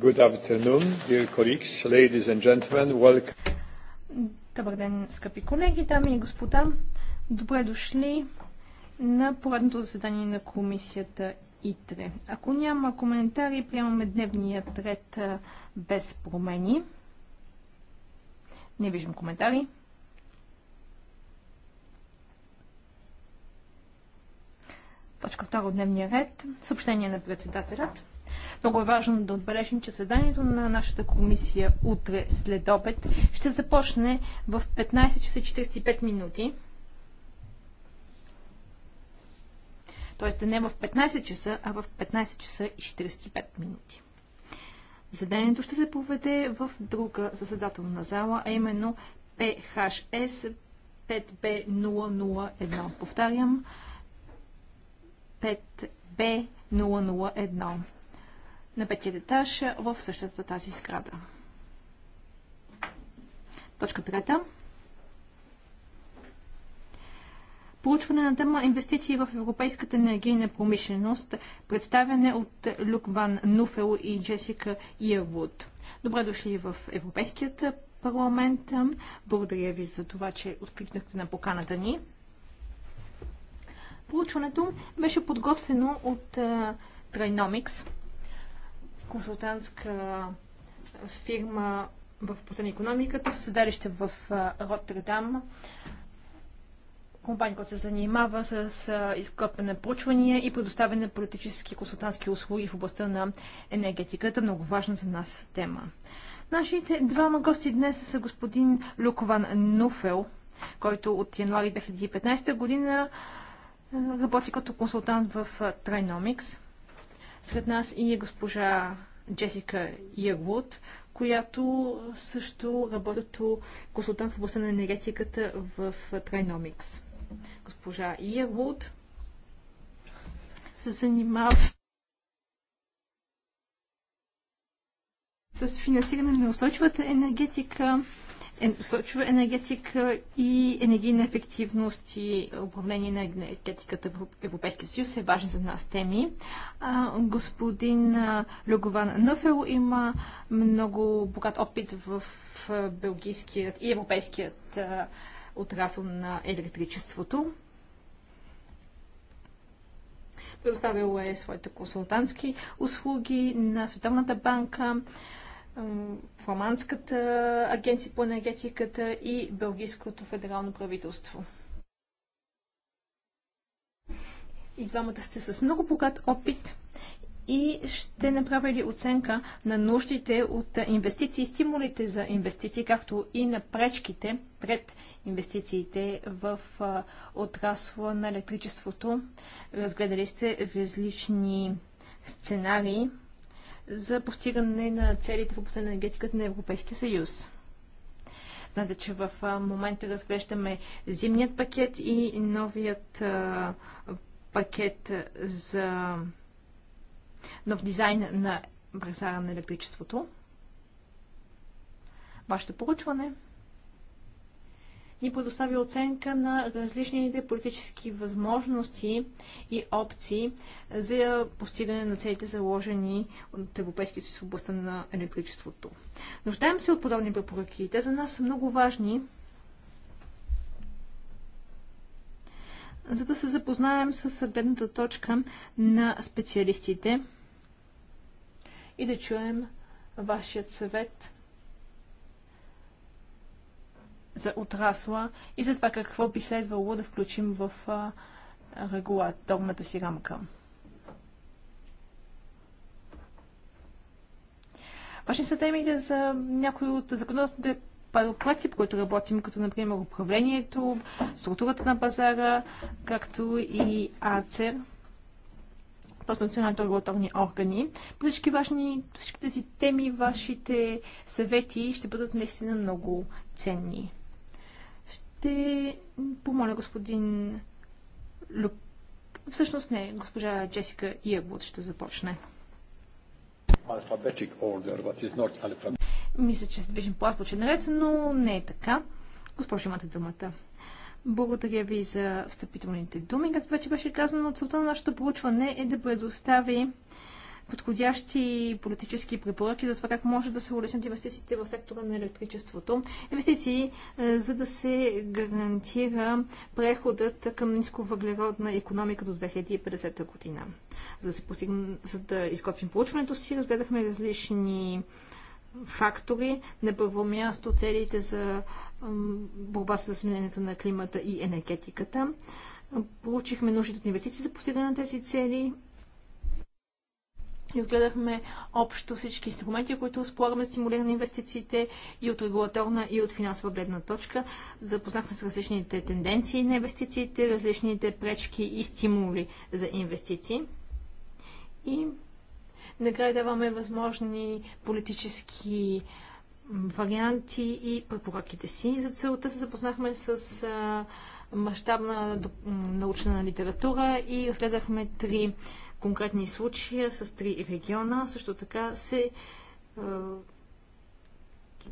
Good afternoon, dear colleagues, ladies and gentlemen. Welcome. Добър ден, скъпи колеги, дами и господа. Добре дошли на поредното заседание на комисията ИТРЕ. Ако няма коментари, приемаме дневния ред без промени. Не виждам коментари. Точка втора от дневния ред. Съобщение на председателят. Много е важно да отбележим, че заданието на нашата комисия утре след обед ще започне в 15 часа 45 минути. Тоест не в 15 часа, а в 15 часа и 45 минути. Заданието ще се поведе в друга заседателна зала, а именно PHS 5B001. Повтарям, 5B001 на петият етаж в същата тази сграда. Точка трета. Получване на тема инвестиции в европейската енергийна промишленост, представяне от Люк Ван Нуфел и Джесика Ирвуд. Добре дошли в Европейският парламент. Благодаря ви за това, че откликнахте на поканата ни. Получването беше подготвено от Trinomics, консултантска фирма в областта на економиката, със седалище в Роттердам. Компания, която се занимава с изкопане на проучвания и предоставяне на политически консултантски услуги в областта на енергетиката. Много важна за нас тема. Нашите двама гости днес са господин Люкован Нуфел, който от януари 2015 година работи като консултант в Trinomics. Сред нас и е госпожа Джесика Ягвуд, която също работи като консултант в областта на енергетиката в Trinomics. Госпожа Ягвуд се занимава с финансиране на устойчивата енергетика Сочва енергетика и енергийна ефективност и управление на енергетиката в Европейския съюз е важен за нас теми. господин Люгован Нофел има много богат опит в белгийският и европейският отрасъл на електричеството. Предоставил е своите консултантски услуги на Световната банка, Фламандската агенция по енергетиката и Белгийското федерално правителство. И двамата сте с много богат опит и ще направя ли оценка на нуждите от инвестиции, стимулите за инвестиции, както и на пречките пред инвестициите в отрасла на електричеството. Разгледали сте различни сценарии за постигане на целите в областта на енергетиката на Европейския съюз. Знаете, че в момента разглеждаме зимният пакет и новият а, пакет за нов дизайн на пазара на електричеството. Вашето поручване ни предостави оценка на различните политически възможности и опции за постигане на целите заложени от Европейския съюз в областта на електричеството. Нуждаем се от подобни препоръки. Те за нас са много важни, за да се запознаем с гледната точка на специалистите и да чуем вашият съвет за отрасла и за това какво би следвало да включим в регулаторната си рамка. Важни са темите за някои от законодателните проекти, по които работим, като например управлението, структурата на пазара, както и АЦЕР, т.е. националните регулаторни органи. По всички, важни, всички тези теми, вашите съвети ще бъдат наистина много ценни. Ще помоля господин Люк... Всъщност не, госпожа Джесика Иегбут ще започне. Order, Мисля, че се движим по азбучен ред, но не е така. Госпожа, имате думата. Благодаря ви за встъпителните думи. Както вече беше казано, целта на нашето получване е да предостави подходящи политически препоръки за това как може да се улеснят инвестициите в сектора на електричеството. Инвестиции, е, за да се гарантира преходът към нисковъглеродна економика до 2050 година. За да, се постигна, за да изготвим получването си, разгледахме различни фактори. На първо място целите за борба с изменението на климата и енергетиката. Получихме нужните от инвестиции за постигане на тези цели Изгледахме общо всички инструменти, които разполагаме за стимулиране на инвестициите и от регулаторна и от финансова гледна точка. Запознахме с различните тенденции на инвестициите, различните пречки и стимули за инвестиции. И накрая даваме възможни политически варианти и препоръките си. За целта се запознахме с мащабна научна литература и разгледахме три конкретни случая с три региона. Също така се е,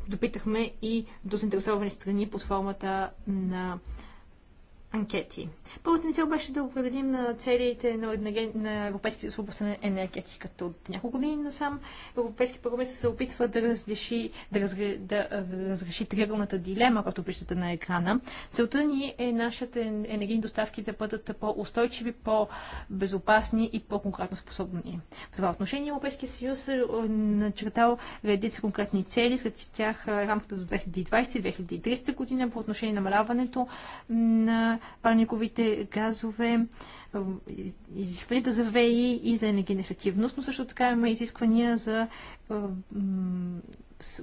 допитахме и до заинтересовани страни под формата на анкети. Първата ни цел беше да определим на целите на, на, на европейските свободи на енергетиката. От няколко години насам Европейски парламент се опитва да разреши, да, разре, да разреши триъгълната дилема, която виждате на екрана. Целта ни е нашите енергийни доставки да бъдат по-устойчиви, по-безопасни и по-конкретно способни. В това отношение Европейския съюз е, е начертал редица конкретни цели, сред тях рамката до 2020-2030 година по отношение намаляването на парниковите газове, е, изискванията за ВИ и за енергийна ефективност, но също така има изисквания за е,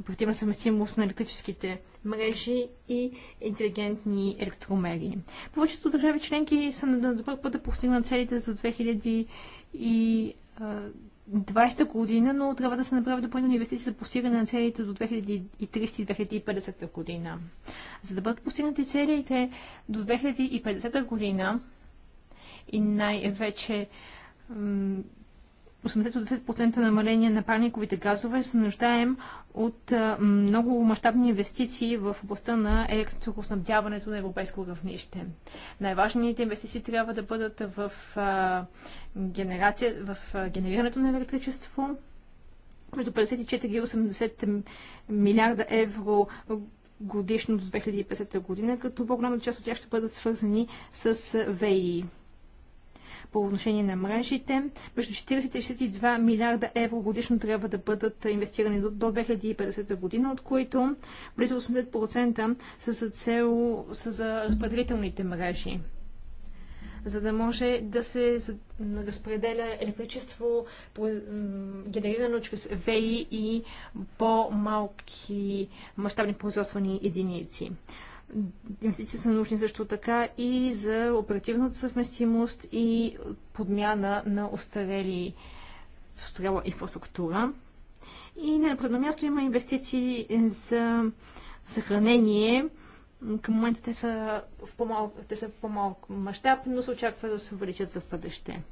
оперативна съвместимост на електрическите мрежи и интелигентни електромери. Повечето държави членки са на добър път да постигнат целите за 2000 и е, 2020 година, но трябва да се направи допълнителни инвестиции за постигане на целите до 2030-2050 година. За да бъдат постигнати целите до 2050 година и най-вече 80-90% намаление на парниковите газове, се нуждаем от много мащабни инвестиции в областта на електроснабдяването на европейско равнище. Най-важните инвестиции трябва да бъдат в, генерация, в генерирането на електричество, между 54 и 80 милиарда евро годишно до 2050 година, като по-голямата част от тях ще бъдат свързани с ВИИ по отношение на мрежите. Между 40 и 62 милиарда евро годишно трябва да бъдат инвестирани до, до 2050 година, от които близо 80% са за цел са за разпределителните мрежи за да може да се разпределя електричество, генерирано чрез ВЕИ и по-малки мащабни производствени единици. Инвестиции са нужни също така и за оперативната съвместимост и подмяна на остарели устарела инфраструктура. И не на последно място има инвестиции за съхранение. Към момента те са в по-малък, по мащаб, но се очаква да се увеличат за в бъдеще.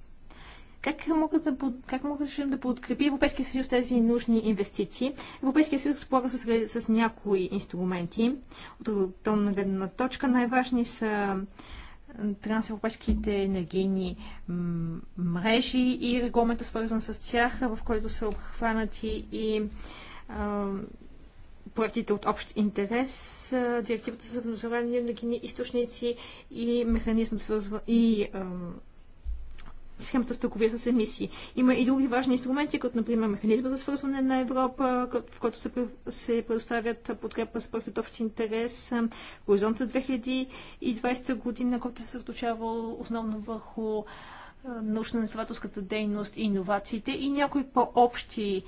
Как могат да, как могат да, подкрепи Европейския съюз тези нужни инвестиции? Европейския съюз разполага с, с някои инструменти. От тонна гледна точка най-важни са трансевропейските енергийни мрежи и регламента свързан с тях, в който са обхванати и а, проектите от общ интерес, а, директивата за възобновяеми енергийни източници и механизмът свързва и а, схемата с търговия с емисии. Има и други важни инструменти, като например механизма за свързване на Европа, в който се, предоставят подкрепа за проект от общ интерес, хоризонта 2020 година, който се съсредоточава основно върху научно-изследователската дейност и иновациите и някои по-общи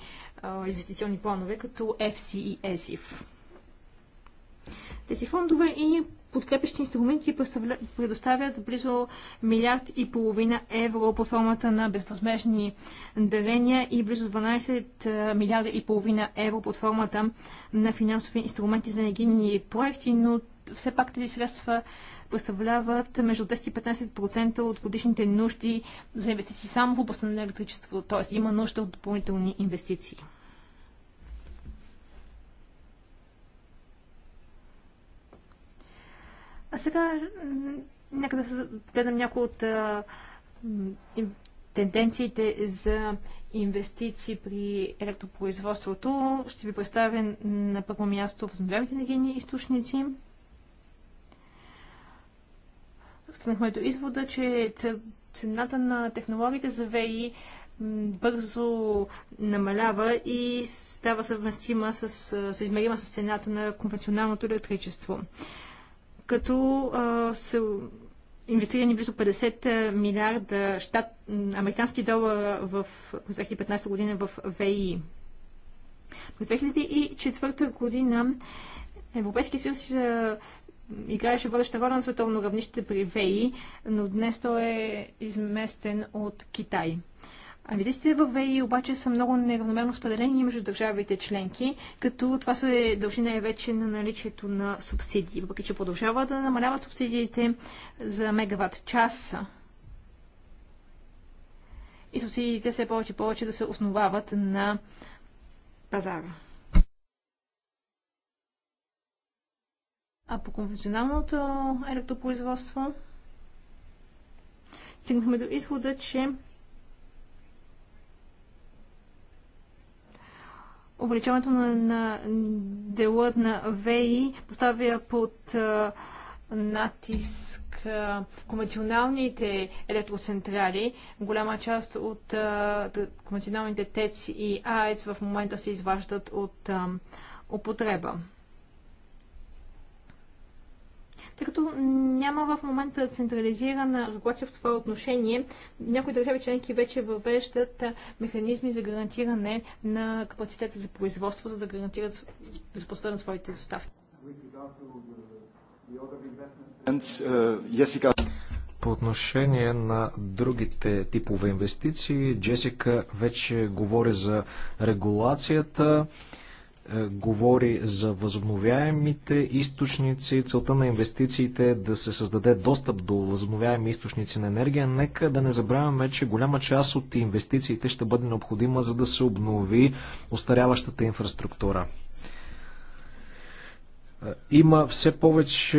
инвестиционни планове, като FC и e ESIF. Тези фондове и подкрепящи инструменти предоставят близо милиард и половина евро под формата на безвъзмежни дарения и близо 12 милиарда и половина евро под формата на финансови инструменти за енергийни проекти, но все пак тези средства представляват между 10 и 15% от годишните нужди за инвестиции само в областта на електричество, т.е. има нужда от допълнителни инвестиции. А сега нека да гледам някои от а, тенденциите за инвестиции при електропроизводството. Ще ви представя на първо място възобновяемите енергийни източници. Станахме до извода, че цената на технологиите за ВИ бързо намалява и става съвместима с, съизмерима с цената на конвенционалното електричество като а, са инвестирани близо 50 милиарда щат, американски долара в 2015 година в ВИ. През 2004 година Европейски съюз играеше водеща роля на световно равнище при ВЕИ, но днес той е изместен от Китай. Амбициите в ВЕИ обаче са много неравномерно споделени между държавите членки, като това се дължи най-вече на наличието на субсидии, въпреки че продължава да намалява субсидиите за мегаватт час. И субсидиите все повече и повече да се основават на пазара. А по конвенционалното електропроизводство стигнахме до изхода, че увеличаването на, на дела на ВИ поставя под а, натиск а, конвенционалните електроцентрали. Голяма част от а, конвенционалните ТЕЦ и АЕЦ в момента се изваждат от употреба. Тъй като няма в момента централизирана регулация в това отношение, някои държави членки вече въвеждат механизми за гарантиране на капацитета за производство, за да гарантират безопасността на своите доставки. По отношение на другите типове инвестиции, Джесика вече говори за регулацията. Е, говори за възобновяемите източници. Целта на инвестициите е да се създаде достъп до възобновяеми източници на енергия. Нека да не забравяме, че голяма част от инвестициите ще бъде необходима, за да се обнови устаряващата инфраструктура. Е, има все повече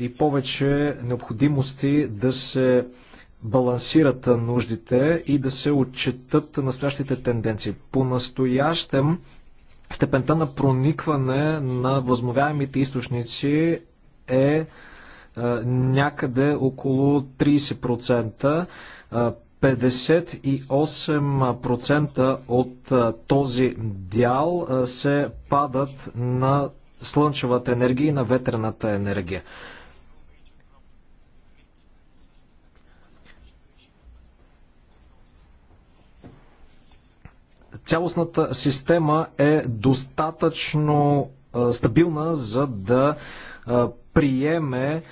и повече необходимости да се балансират нуждите и да се отчетат настоящите тенденции. По настоящем степента на проникване на възмовяемите източници е, е някъде около 30%. 58% е, от е, този дял се падат на слънчевата енергия и на ветрената енергия. цялостната система е достатъчно стабилна, за да приеме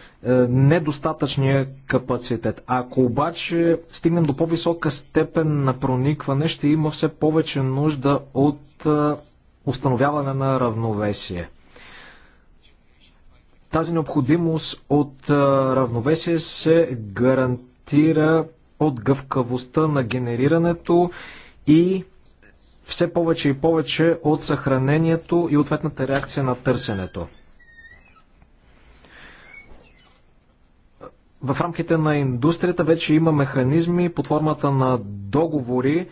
недостатъчния капацитет. Ако обаче стигнем до по-висока степен на проникване, ще има все повече нужда от установяване на равновесие. Тази необходимост от равновесие се гарантира от гъвкавостта на генерирането и все повече и повече от съхранението и ответната реакция на търсенето. В рамките на индустрията вече има механизми под формата на договори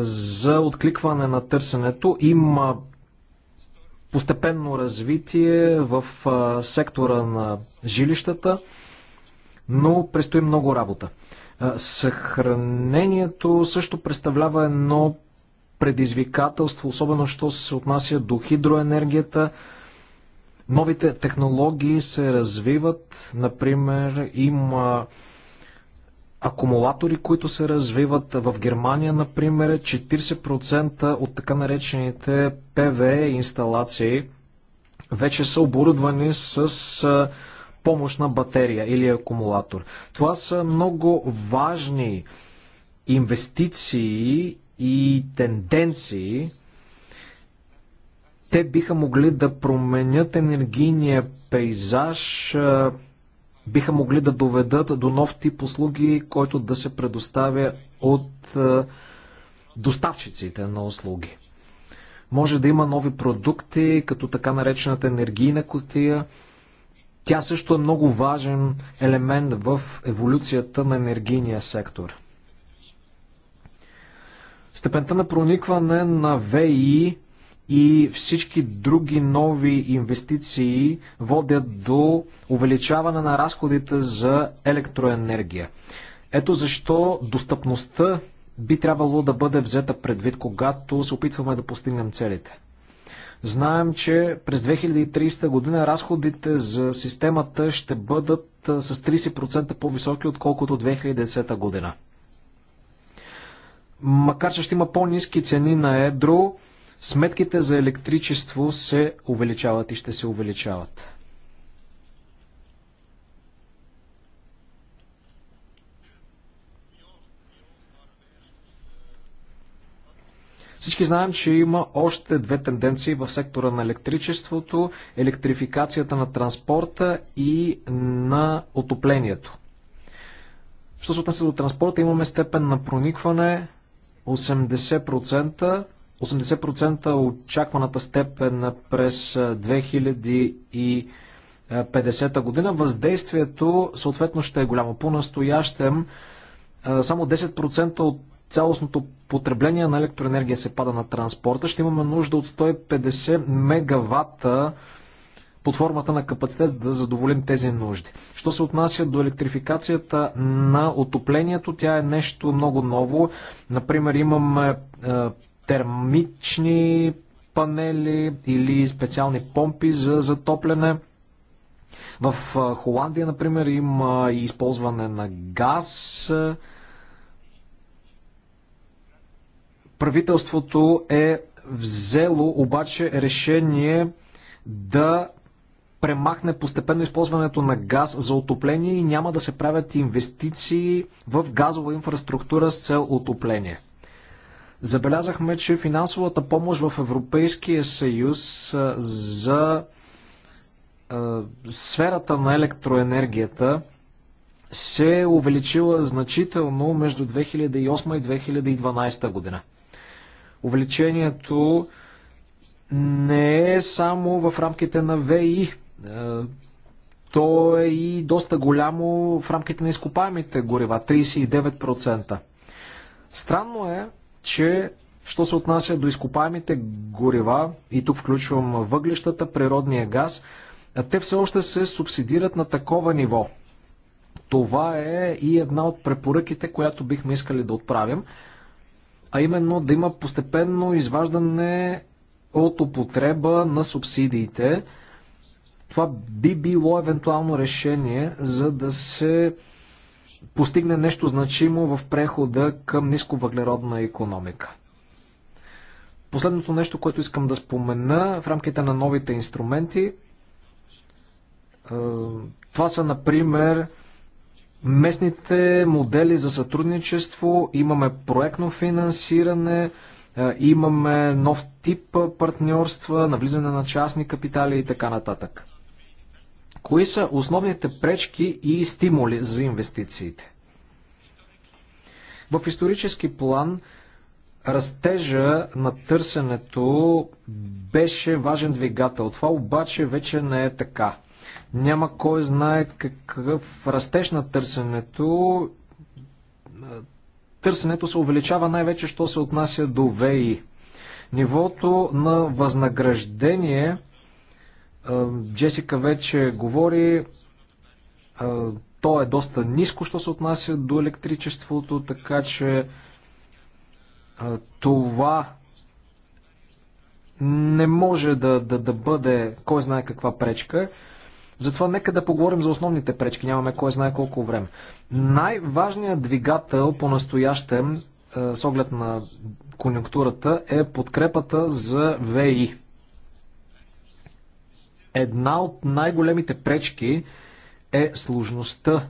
за откликване на търсенето. Има постепенно развитие в сектора на жилищата, но предстои много работа. Съхранението също представлява едно предизвикателство, особено що се отнася до хидроенергията. Новите технологии се развиват, например, има акумулатори, които се развиват в Германия, например, 40% от така наречените ПВЕ инсталации вече са оборудвани с помощна батерия или акумулатор. Това са много важни инвестиции и тенденции. Те биха могли да променят енергийния пейзаж, биха могли да доведат до нов тип услуги, който да се предоставя от доставчиците на услуги. Може да има нови продукти, като така наречената енергийна котия – тя също е много важен елемент в еволюцията на енергийния сектор. Степента на проникване на ВИ и всички други нови инвестиции водят до увеличаване на разходите за електроенергия. Ето защо достъпността би трябвало да бъде взета предвид, когато се опитваме да постигнем целите. Знаем, че през 2030 година разходите за системата ще бъдат с 30% по-високи, отколкото 2010 година. Макар, че ще има по-низки цени на едро, сметките за електричество се увеличават и ще се увеличават. Всички знаем, че има още две тенденции в сектора на електричеството, електрификацията на транспорта и на отоплението. Що се отнася до транспорта, имаме степен на проникване 80%, 80% е очакваната степен през 2050 година. Въздействието съответно ще е голямо. По-настоящем само 10% от цялостното потребление на електроенергия се пада на транспорта, ще имаме нужда от 150 мегаватта под формата на капацитет да задоволим тези нужди. Що се отнася до електрификацията на отоплението, тя е нещо много ново. Например, имаме е, термични панели или специални помпи за затопляне. В е, Холандия, например, има и използване на газ. Е, Правителството е взело обаче решение да премахне постепенно използването на газ за отопление и няма да се правят инвестиции в газова инфраструктура с цел отопление. Забелязахме, че финансовата помощ в Европейския съюз за сферата на електроенергията се е увеличила значително между 2008 и 2012 година. Увлечението не е само в рамките на ВИ. Е, то е и доста голямо в рамките на изкопаемите горива 39%. Странно е, че що се отнася до изкопаемите горива, и тук включвам въглищата, природния газ, е, те все още се субсидират на такова ниво. Това е и една от препоръките, която бихме искали да отправим а именно да има постепенно изваждане от употреба на субсидиите. Това би било евентуално решение, за да се постигне нещо значимо в прехода към нисковъглеродна економика. Последното нещо, което искам да спомена в рамките на новите инструменти, е, това са, например, местните модели за сътрудничество, имаме проектно финансиране, е, имаме нов тип партньорства, навлизане на частни капитали и така нататък. Кои са основните пречки и стимули за инвестициите? В исторически план растежа на търсенето беше важен двигател. Това обаче вече не е така. Няма кой знае какъв растеж на търсенето. Търсенето се увеличава най-вече, що се отнася до ВИ. Нивото на възнаграждение, Джесика вече говори, то е доста ниско, що се отнася до електричеството, така че това не може да, да, да бъде кой знае каква пречка. Затова нека да поговорим за основните пречки. Нямаме кой знае колко време. Най-важният двигател по-настоящем е, с оглед на конюнктурата е подкрепата за ВИ. Една от най-големите пречки е сложността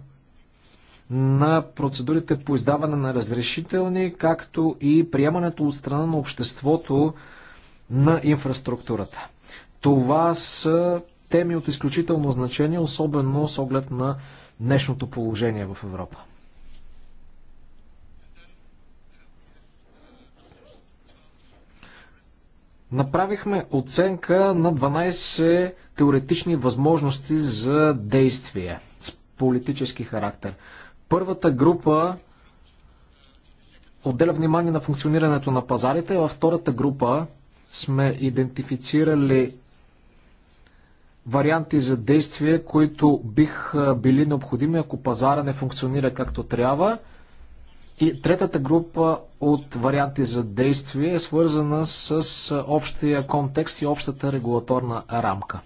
на процедурите по издаване на разрешителни, както и приемането от страна на обществото на инфраструктурата. Това са теми от изключително значение, особено с оглед на днешното положение в Европа. Направихме оценка на 12 теоретични възможности за действие с политически характер. Първата група отделя внимание на функционирането на пазарите, във втората група сме идентифицирали варианти за действие, които бих били необходими, ако пазара не функционира както трябва. И третата група от варианти за действие е свързана с общия контекст и общата регулаторна рамка.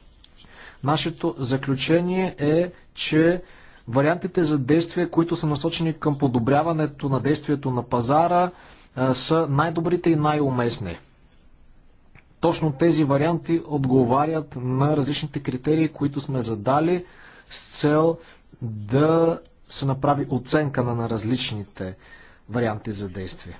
Нашето заключение е, че вариантите за действие, които са насочени към подобряването на действието на пазара, са най-добрите и най-уместни. Точно тези варианти отговарят на различните критерии, които сме задали с цел да се направи оценка на различните варианти за действие.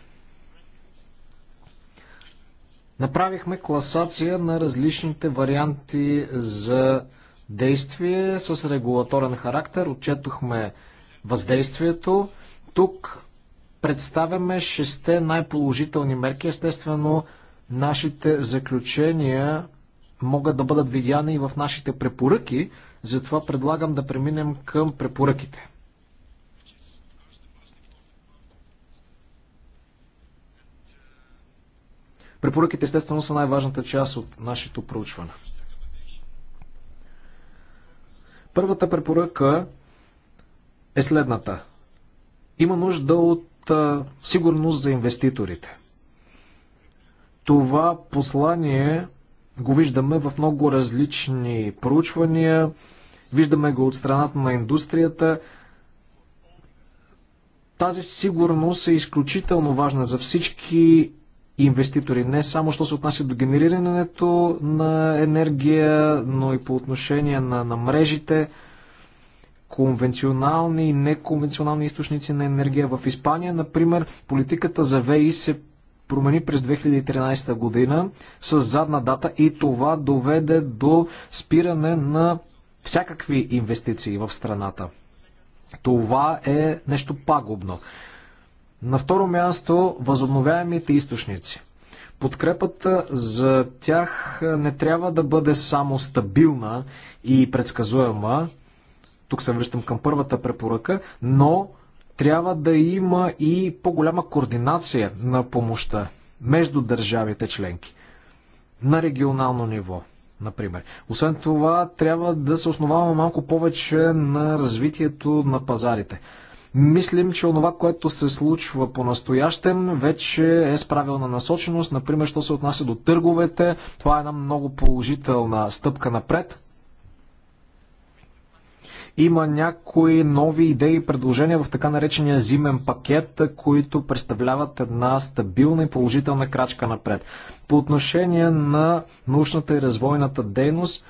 Направихме класация на различните варианти за действие с регулаторен характер. Отчетохме въздействието. Тук представяме шесте най-положителни мерки. Естествено, Нашите заключения могат да бъдат видяни и в нашите препоръки, затова предлагам да преминем към препоръките. Препоръките естествено са най-важната част от нашето проучване. Първата препоръка е следната. Има нужда от сигурност за инвеститорите – това послание го виждаме в много различни проучвания, виждаме го от страната на индустрията. Тази сигурност е изключително важна за всички инвеститори, не само що се отнася до генерирането на енергия, но и по отношение на, на мрежите, конвенционални и неконвенционални източници на енергия. В Испания, например, политиката за ВИ се промени през 2013 година с задна дата и това доведе до спиране на всякакви инвестиции в страната. Това е нещо пагубно. На второ място, възобновяемите източници. Подкрепата за тях не трябва да бъде само стабилна и предсказуема. Тук се връщам към първата препоръка, но трябва да има и по-голяма координация на помощта между държавите членки на регионално ниво, например. Освен това, трябва да се основаваме малко повече на развитието на пазарите. Мислим, че онова, което се случва по-настоящем, вече е с правилна насоченост. Например, що се отнася до търговете, това е една много положителна стъпка напред. Има някои нови идеи и предложения в така наречения зимен пакет, които представляват една стабилна и положителна крачка напред. По отношение на научната и развойната дейност,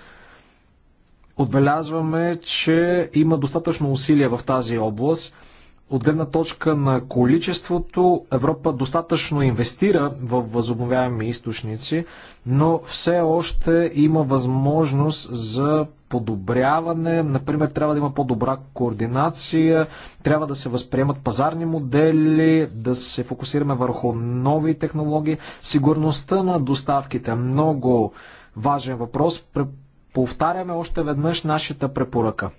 отбелязваме, че има достатъчно усилия в тази област. От гледна точка на количеството, Европа достатъчно инвестира в възобновяеми източници, но все още има възможност за подобряване. Например, трябва да има по-добра координация, трябва да се възприемат пазарни модели, да се фокусираме върху нови технологии. Сигурността на доставките е много важен въпрос. Повтаряме още веднъж нашата препоръка.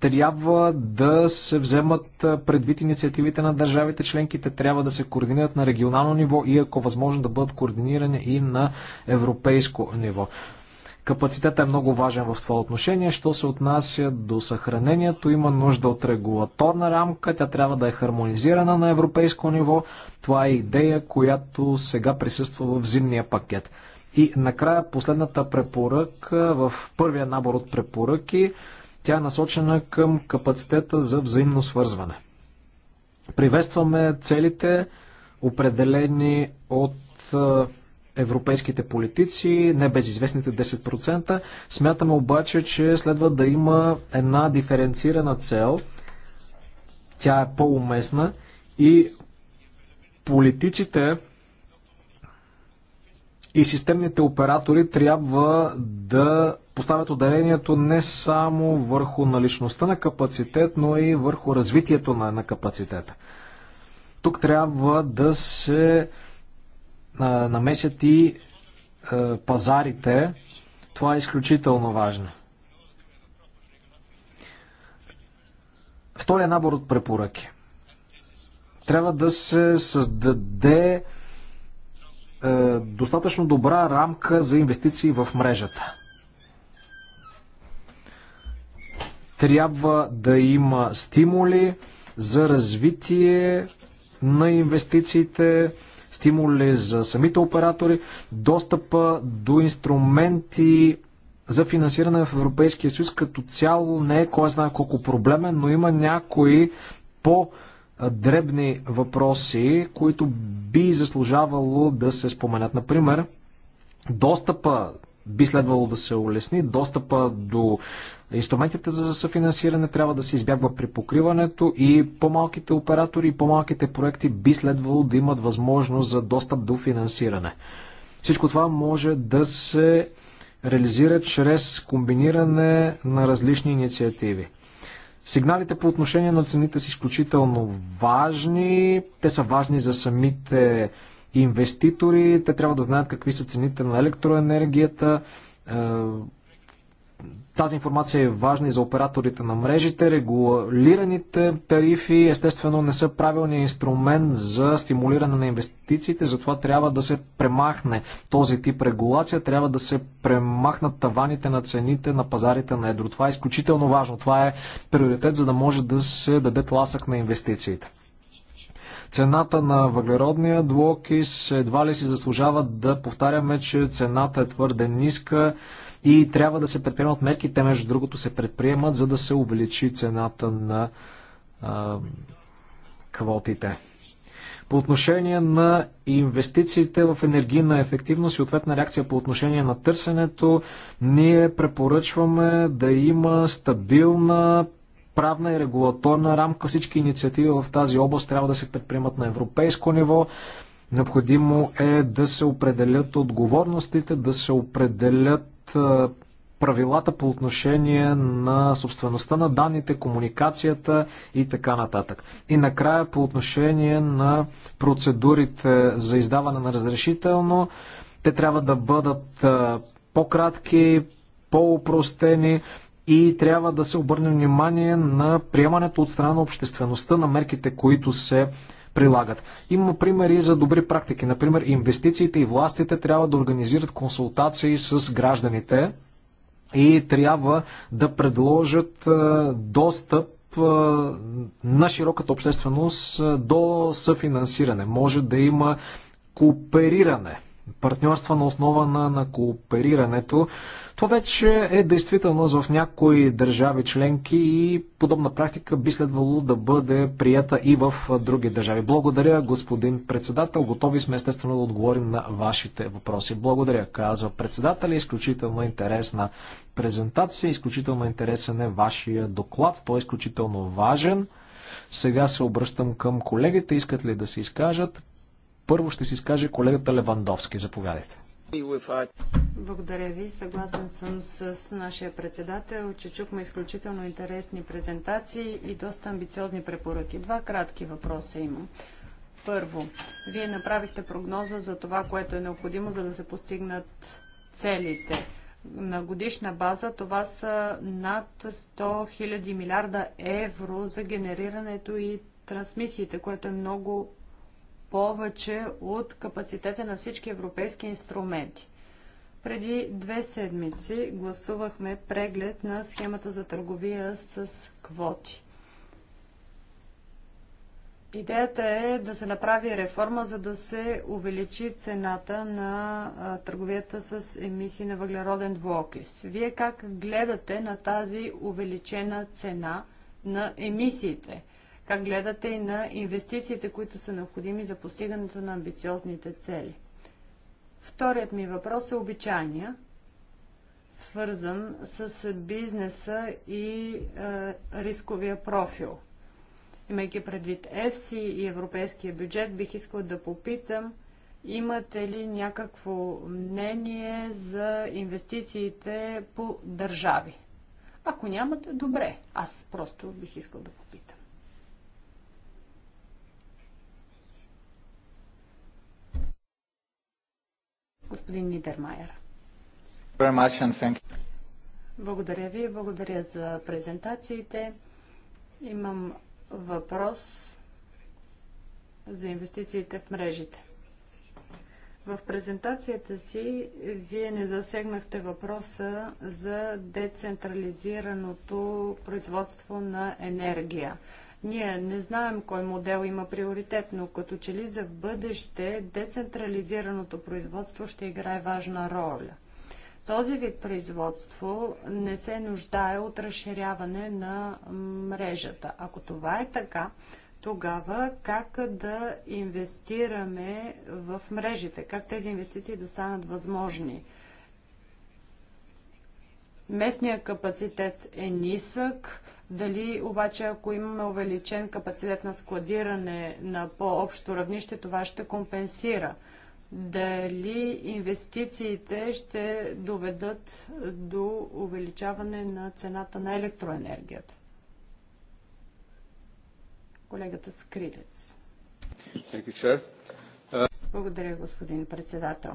Трябва да се вземат предвид инициативите на държавите членките, трябва да се координират на регионално ниво и ако е възможно да бъдат координирани и на европейско ниво. Капацитет е много важен в това отношение. Що се отнася до съхранението, има нужда от регулаторна рамка. Тя трябва да е хармонизирана на европейско ниво. Това е идея, която сега присъства в зимния пакет. И накрая последната препоръка в първия набор от препоръки, тя е насочена към капацитета за взаимно свързване. Приветстваме целите, определени от европейските политици, не безизвестните 10%. Смятаме обаче, че следва да има една диференцирана цел. Тя е по-уместна и политиците и системните оператори трябва да поставят ударението не само върху наличността на капацитет, но и върху развитието на, на капацитета. Тук трябва да се намесят и пазарите. Това е изключително важно. Втория набор от препоръки. Трябва да се създаде е, достатъчно добра рамка за инвестиции в мрежата. Трябва да има стимули за развитие на инвестициите, стимули за самите оператори, достъпа до инструменти за финансиране в Европейския съюз като цяло не е кой знае колко проблемен, но има някои по- дребни въпроси, които би заслужавало да се споменят. Например, достъпа би следвало да се улесни, достъпа до Инструментите за съфинансиране трябва да се избягва при покриването и по-малките оператори и по-малките проекти би следвало да имат възможност за достъп до финансиране. Всичко това може да се реализира чрез комбиниране на различни инициативи. Сигналите по отношение на цените са изключително важни. Те са важни за самите инвеститори. Те трябва да знаят какви са цените на електроенергията, е, тази информация е важна и за операторите на мрежите. Регулираните тарифи естествено не са правилният инструмент за стимулиране на инвестициите, затова трябва да се премахне този тип регулация, трябва да се премахнат таваните на цените на пазарите на едро. Това е изключително важно. Това е приоритет, за да може да се даде тласък на инвестициите цената на въглеродния двуокис едва ли си заслужава да повтаряме, че цената е твърде ниска и трябва да се предприемат мерки. Те, между другото, се предприемат, за да се увеличи цената на а, квотите. По отношение на инвестициите в енергийна ефективност и ответна реакция по отношение на търсенето, ние препоръчваме да има стабилна правна и регулаторна рамка. Всички инициативи в тази област трябва да се предприемат на европейско ниво. Необходимо е да се определят отговорностите, да се определят правилата по отношение на собствеността на данните, комуникацията и така нататък. И накрая по отношение на процедурите за издаване на разрешително, те трябва да бъдат по-кратки, по-упростени и трябва да се обърне внимание на приемането от страна на обществеността на мерките, които се прилагат. Има примери за добри практики. Например, инвестициите и властите трябва да организират консултации с гражданите и трябва да предложат достъп на широката общественост до съфинансиране. Може да има коопериране, партньорства на основа на, на кооперирането. Това вече е действителност в някои държави членки и подобна практика би следвало да бъде прията и в други държави. Благодаря, господин председател. Готови сме естествено да отговорим на вашите въпроси. Благодаря, каза председател, Изключително интересна презентация, изключително интересен е вашия доклад. Той е изключително важен. Сега се обръщам към колегите. Искат ли да се изкажат? Първо ще си изкаже колегата Левандовски. Заповядайте. Благодаря ви. Съгласен съм с нашия председател, че чухме изключително интересни презентации и доста амбициозни препоръки. Два кратки въпроса имам. Първо, вие направихте прогноза за това, което е необходимо, за да се постигнат целите. На годишна база това са над 100 000 милиарда евро за генерирането и трансмисиите, което е много повече от капацитета на всички европейски инструменти. Преди две седмици гласувахме преглед на схемата за търговия с квоти. Идеята е да се направи реформа, за да се увеличи цената на търговията с емисии на въглероден двуокис. Вие как гледате на тази увеличена цена на емисиите? Как гледате и на инвестициите, които са необходими за постигането на амбициозните цели? Вторият ми въпрос е обичайния, свързан с бизнеса и е, рисковия профил. Имайки предвид ЕФСИ и европейския бюджет, бих искал да попитам, имате ли някакво мнение за инвестициите по държави? Ако нямате, добре. Аз просто бих искал да попитам. господин Нидермайер. Благодаря ви, благодаря за презентациите. Имам въпрос за инвестициите в мрежите. В презентацията си вие не засегнахте въпроса за децентрализираното производство на енергия. Ние не знаем кой модел има приоритет, но като че ли за в бъдеще децентрализираното производство ще играе важна роля. Този вид производство не се нуждае от разширяване на мрежата. Ако това е така, тогава как да инвестираме в мрежите, как тези инвестиции да станат възможни. Местният капацитет е нисък, дали обаче, ако имаме увеличен капацитет на складиране на по-общо равнище, това ще компенсира? Дали инвестициите ще доведат до увеличаване на цената на електроенергията? Колегата Скрилец. Благодаря, господин председател.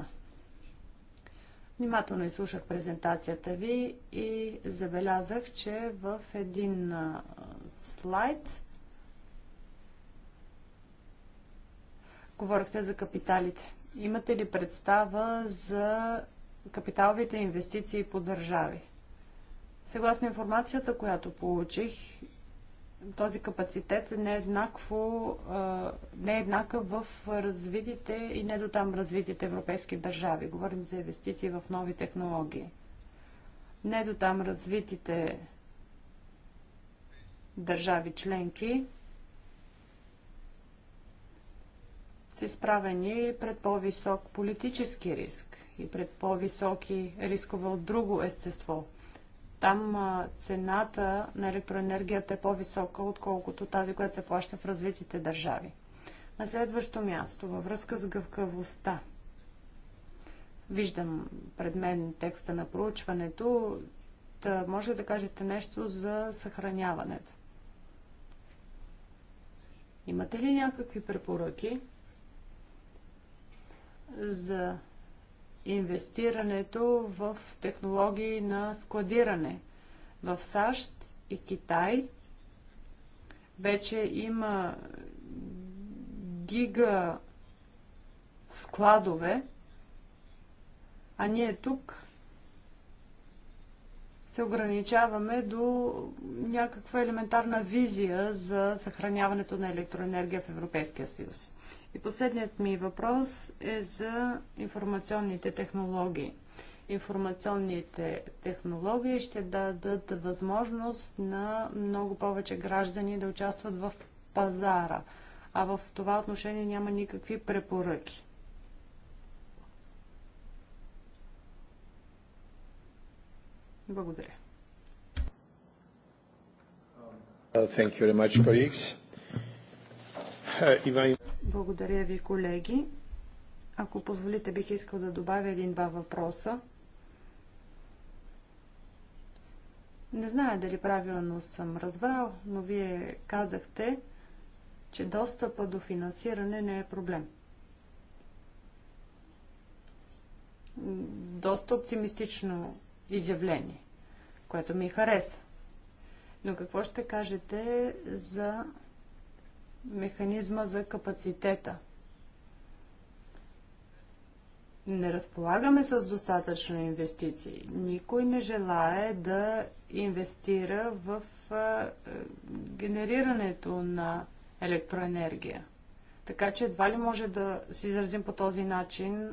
Внимателно изслушах презентацията ви и забелязах, че в един слайд говорихте за капиталите. Имате ли представа за капиталовите инвестиции по държави? Съгласно информацията, която получих, този капацитет не е, еднакво, не е еднакъв в развитите и не до там развитите европейски държави. Говорим за инвестиции в нови технологии. Не до там развитите държави членки са изправени пред по-висок политически риск и пред по-високи рискове от друго естество, там цената на електроенергията е по-висока, отколкото тази, която се плаща в развитите държави. На следващо място, във връзка с гъвкавостта. Виждам пред мен текста на проучването. Та може да кажете нещо за съхраняването. Имате ли някакви препоръки за инвестирането в технологии на складиране. В САЩ и Китай вече има гига складове, а ние тук се ограничаваме до някаква елементарна визия за съхраняването на електроенергия в Европейския съюз. И последният ми въпрос е за информационните технологии. Информационните технологии ще дадат възможност на много повече граждани да участват в пазара, а в това отношение няма никакви препоръки. Благодаря. Thank you very much, colleagues. Е, Благодаря ви, колеги. Ако позволите, бих искал да добавя един-два въпроса. Не зная дали правилно съм разбрал, но вие казахте, че достъпа до финансиране не е проблем. Доста оптимистично изявление, което ми хареса. Но какво ще кажете за механизма за капацитета. Не разполагаме с достатъчно инвестиции. Никой не желае да инвестира в е, генерирането на електроенергия. Така че едва ли може да се изразим по този начин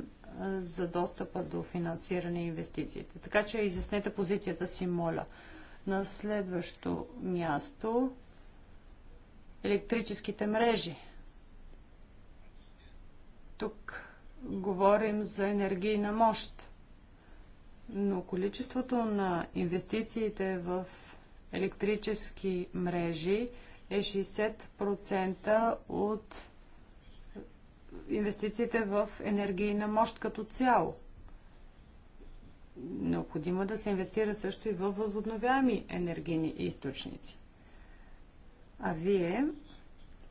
за достъпа до финансиране и инвестициите. Така че изяснете позицията си, моля. На следващо място електрическите мрежи. Тук говорим за енергийна мощ, но количеството на инвестициите в електрически мрежи е 60% от инвестициите в енергийна мощ като цяло. Необходимо е да се инвестира също и в възобновяеми енергийни източници. А вие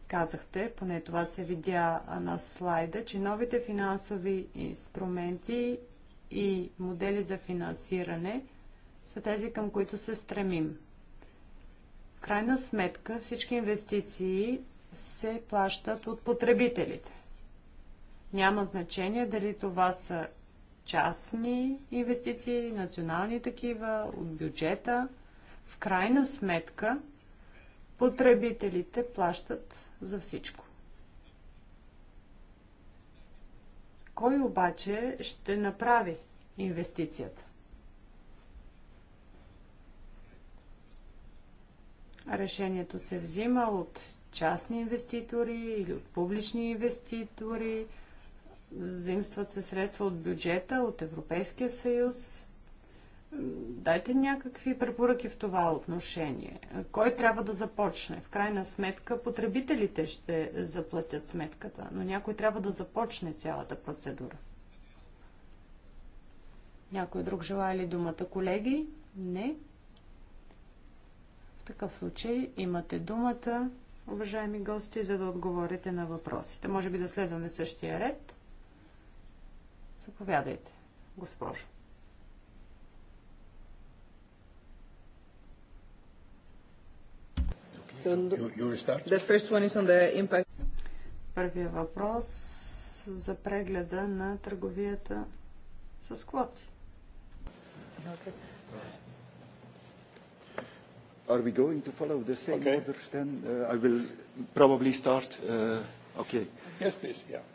казахте, поне това се видя на слайда, че новите финансови инструменти и модели за финансиране са тези, към които се стремим. В крайна сметка всички инвестиции се плащат от потребителите. Няма значение дали това са частни инвестиции, национални такива, от бюджета. В крайна сметка Потребителите плащат за всичко. Кой обаче ще направи инвестицията? Решението се взима от частни инвеститори или от публични инвеститори. Заимстват се средства от бюджета, от Европейския съюз. Дайте някакви препоръки в това отношение. Кой трябва да започне? В крайна сметка потребителите ще заплатят сметката, но някой трябва да започне цялата процедура. Някой друг желая ли думата, колеги? Не. В такъв случай имате думата, уважаеми гости, за да отговорите на въпросите. Може би да следваме същия ред. Заповядайте, госпожо. Първият въпрос за прегледа на търговията с квоти. Are we going to follow the same okay. order then? Uh, I will probably start. Uh, okay. Yes, please. Yeah.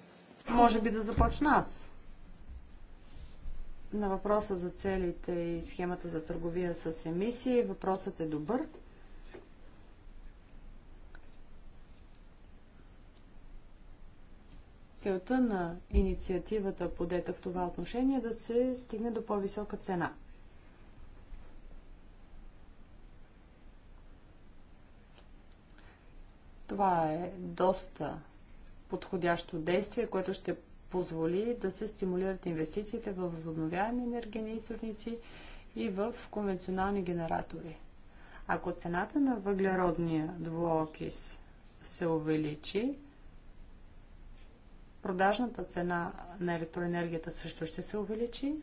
Може би да започна аз. На въпроса за целите и схемата за търговия с емисии, въпросът е добър. Целта на инициативата подета в това отношение да се стигне до по-висока цена. Това е доста подходящо действие, което ще позволи да се стимулират инвестициите в възобновяеми енергийни източници и в конвенционални генератори. Ако цената на въглеродния двуокис се увеличи, Продажната цена на електроенергията също ще се увеличи,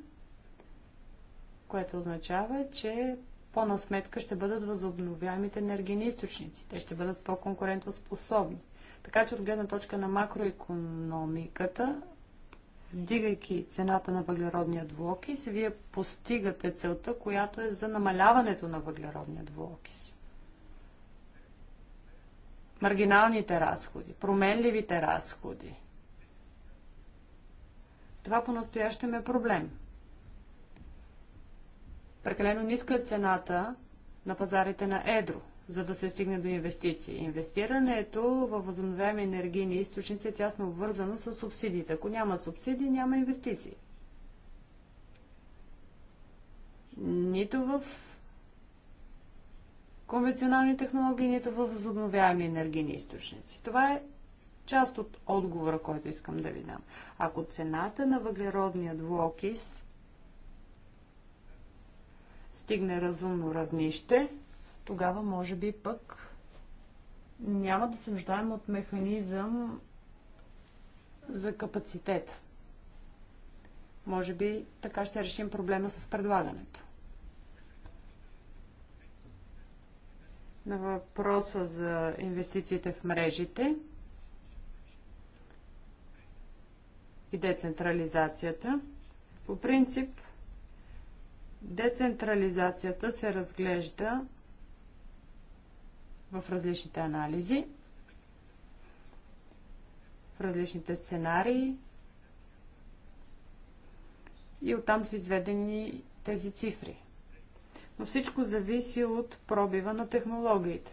което означава, че по-на сметка ще бъдат възобновяемите енергийни източници. Те ще бъдат по-конкурентоспособни. Така че от гледна точка на макроекономиката, вдигайки цената на въглеродния двуокис, вие постигате целта, която е за намаляването на въглеродния двуокис. Маргиналните разходи, променливите разходи, това по-настоящем е проблем. Прекалено ниска е цената на пазарите на едро, за да се стигне до инвестиции. Инвестирането в възобновяеми енергийни източници е тясно обвързано с субсидиите. Ако няма субсидии, няма инвестиции. Нито в конвенционални технологии, нито в възобновяеми енергийни източници. Това е част от отговора, който искам да ви дам. Ако цената на въглеродния двуокис стигне разумно равнище, тогава може би пък няма да се нуждаем от механизъм за капацитета. Може би така ще решим проблема с предлагането. На въпроса за инвестициите в мрежите – и децентрализацията. По принцип, децентрализацията се разглежда в различните анализи, в различните сценарии и оттам са изведени тези цифри. Но всичко зависи от пробива на технологиите.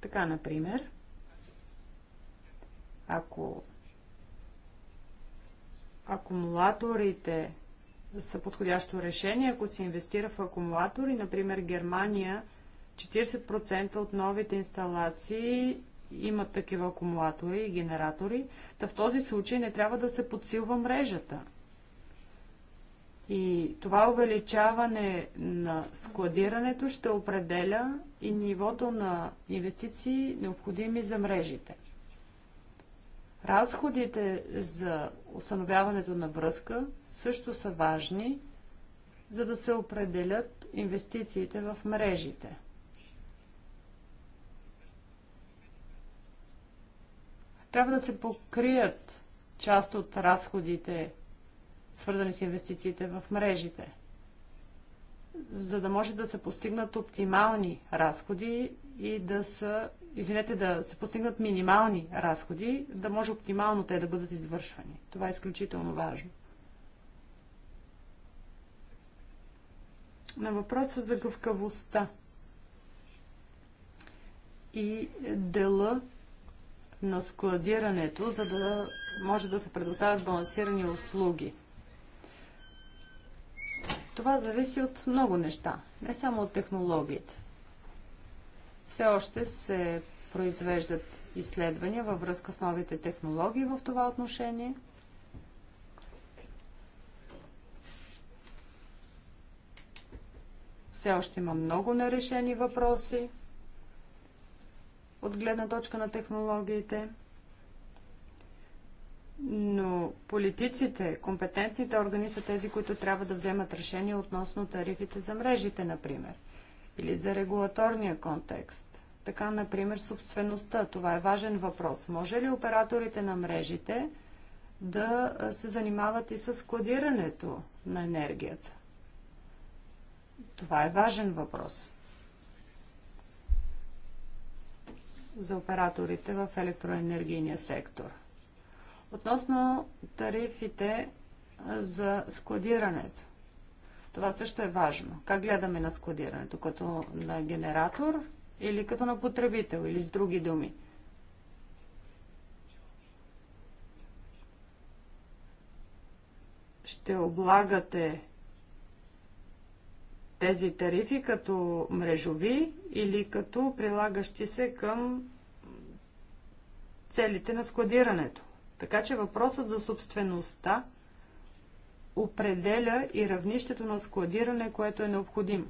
Така, например, ако акумулаторите са подходящо решение, ако се инвестира в акумулатори. Например, Германия 40% от новите инсталации имат такива акумулатори и генератори. Та в този случай не трябва да се подсилва мрежата. И това увеличаване на складирането ще определя и нивото на инвестиции, необходими за мрежите. Разходите за установяването на връзка също са важни, за да се определят инвестициите в мрежите. Трябва да се покрият част от разходите, свързани с инвестициите в мрежите, за да може да се постигнат оптимални разходи и да са извинете, да се постигнат минимални разходи, да може оптимално те да бъдат извършвани. Това е изключително важно. На въпроса за гъвкавостта и дела на складирането, за да може да се предоставят балансирани услуги. Това зависи от много неща, не само от технологиите. Все още се произвеждат изследвания във връзка с новите технологии в това отношение. Все още има много нерешени въпроси от гледна точка на технологиите. Но политиците, компетентните органи са тези, които трябва да вземат решение относно тарифите за мрежите, например или за регулаторния контекст. Така, например, собствеността. Това е важен въпрос. Може ли операторите на мрежите да се занимават и с складирането на енергията? Това е важен въпрос за операторите в електроенергийния сектор. Относно тарифите за складирането. Това също е важно. Как гледаме на складирането? Като на генератор или като на потребител, или с други думи? Ще облагате тези тарифи като мрежови или като прилагащи се към целите на складирането. Така че въпросът за собствеността определя и равнището на складиране, което е необходимо.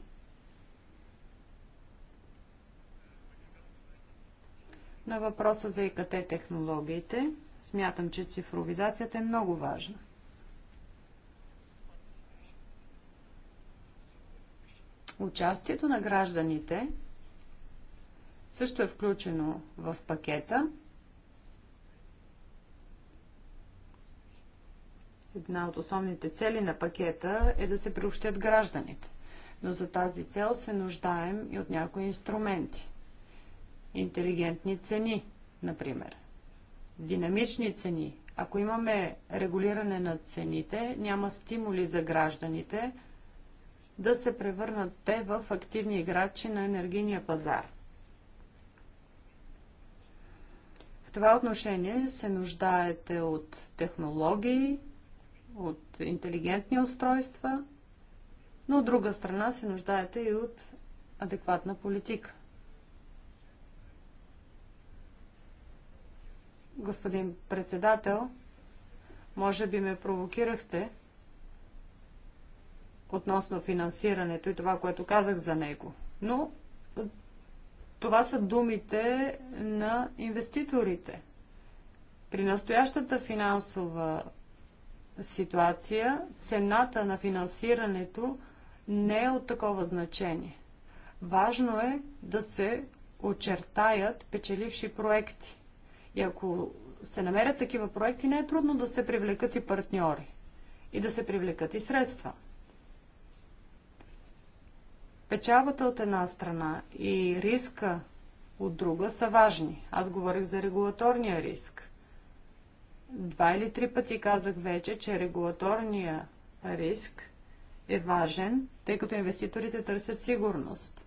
На въпроса за ИКТ технологиите, смятам, че цифровизацията е много важна. Участието на гражданите също е включено в пакета – Една от основните цели на пакета е да се приобщят гражданите. Но за тази цел се нуждаем и от някои инструменти. Интелигентни цени, например. Динамични цени. Ако имаме регулиране на цените, няма стимули за гражданите да се превърнат те в активни играчи на енергийния пазар. В това отношение се нуждаете от технологии, от интелигентни устройства, но от друга страна се нуждаете и от адекватна политика. Господин председател, може би ме провокирахте относно финансирането и това, което казах за него. Но това са думите на инвеститорите. При настоящата финансова ситуация цената на финансирането не е от такова значение. Важно е да се очертаят печеливши проекти. И ако се намерят такива проекти, не е трудно да се привлекат и партньори и да се привлекат и средства. Печалбата от една страна и риска от друга са важни. Аз говорих за регулаторния риск. Два или три пъти казах вече, че регулаторния риск е важен, тъй като инвеститорите търсят сигурност.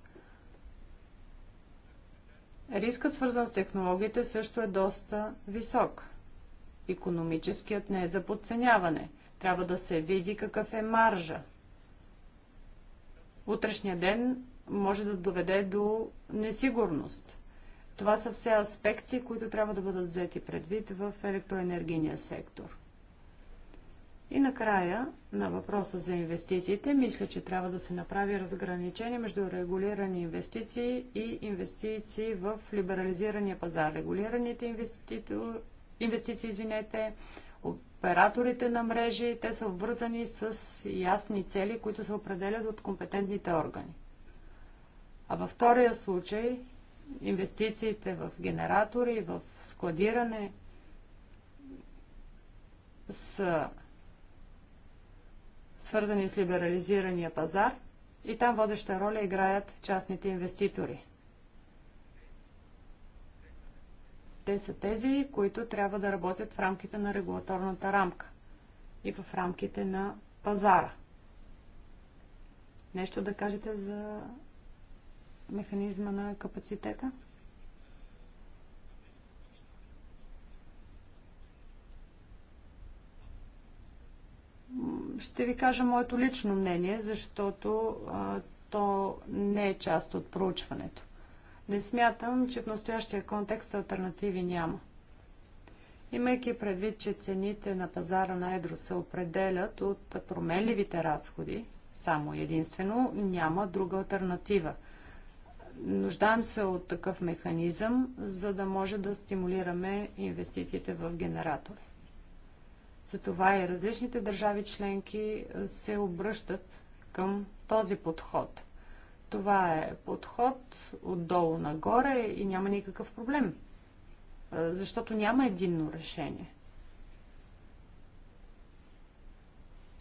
Рискът, свързан с технологиите, също е доста висок. Економическият не е за подценяване. Трябва да се види какъв е маржа. Утрешния ден може да доведе до несигурност. Това са все аспекти, които трябва да бъдат взети предвид в електроенергийния сектор. И накрая, на въпроса за инвестициите, мисля, че трябва да се направи разграничение между регулирани инвестиции и инвестиции в либерализирания пазар. Регулираните инвестици... инвестиции, извинете, операторите на мрежи, те са обвързани с ясни цели, които се определят от компетентните органи. А във втория случай инвестициите в генератори, в складиране са свързани с либерализирания пазар и там водеща роля играят частните инвеститори. Те са тези, които трябва да работят в рамките на регулаторната рамка и в рамките на пазара. Нещо да кажете за механизма на капацитета? Ще ви кажа моето лично мнение, защото а, то не е част от проучването. Не смятам, че в настоящия контекст альтернативи няма. Имайки предвид, че цените на пазара на едро се определят от променливите разходи, само единствено няма друга альтернатива – Нуждаем се от такъв механизъм, за да може да стимулираме инвестициите в генератори. Затова и различните държави членки се обръщат към този подход. Това е подход отдолу нагоре и няма никакъв проблем, защото няма единно решение.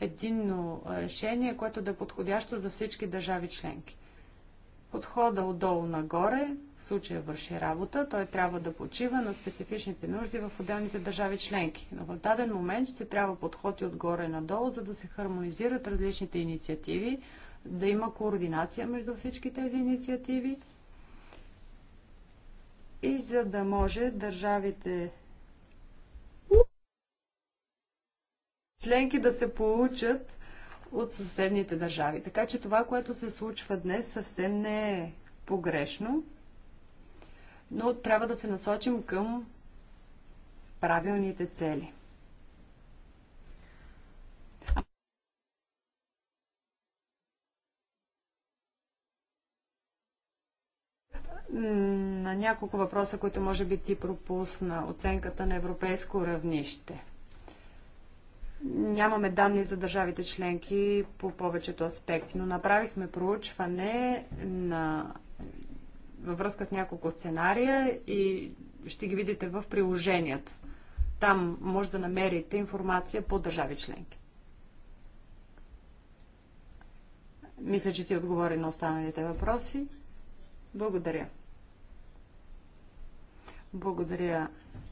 Единно решение, което да е подходящо за всички държави членки. Подхода отдолу нагоре в случая върши работа, той трябва да почива на специфичните нужди в отделните държави членки. Но в даден момент ще трябва подход и отгоре надолу, за да се хармонизират различните инициативи, да има координация между всички тези инициативи и за да може държавите членки да се получат от съседните държави. Така че това, което се случва днес, съвсем не е погрешно, но трябва да се насочим към правилните цели. на няколко въпроса, които може би ти пропусна. Оценката на европейско равнище. Нямаме данни за държавите членки по повечето аспекти, но направихме проучване на... във връзка с няколко сценария и ще ги видите в приложенията. Там може да намерите информация по държави членки. Мисля, че ти отговори на останалите въпроси. Благодаря. Благодаря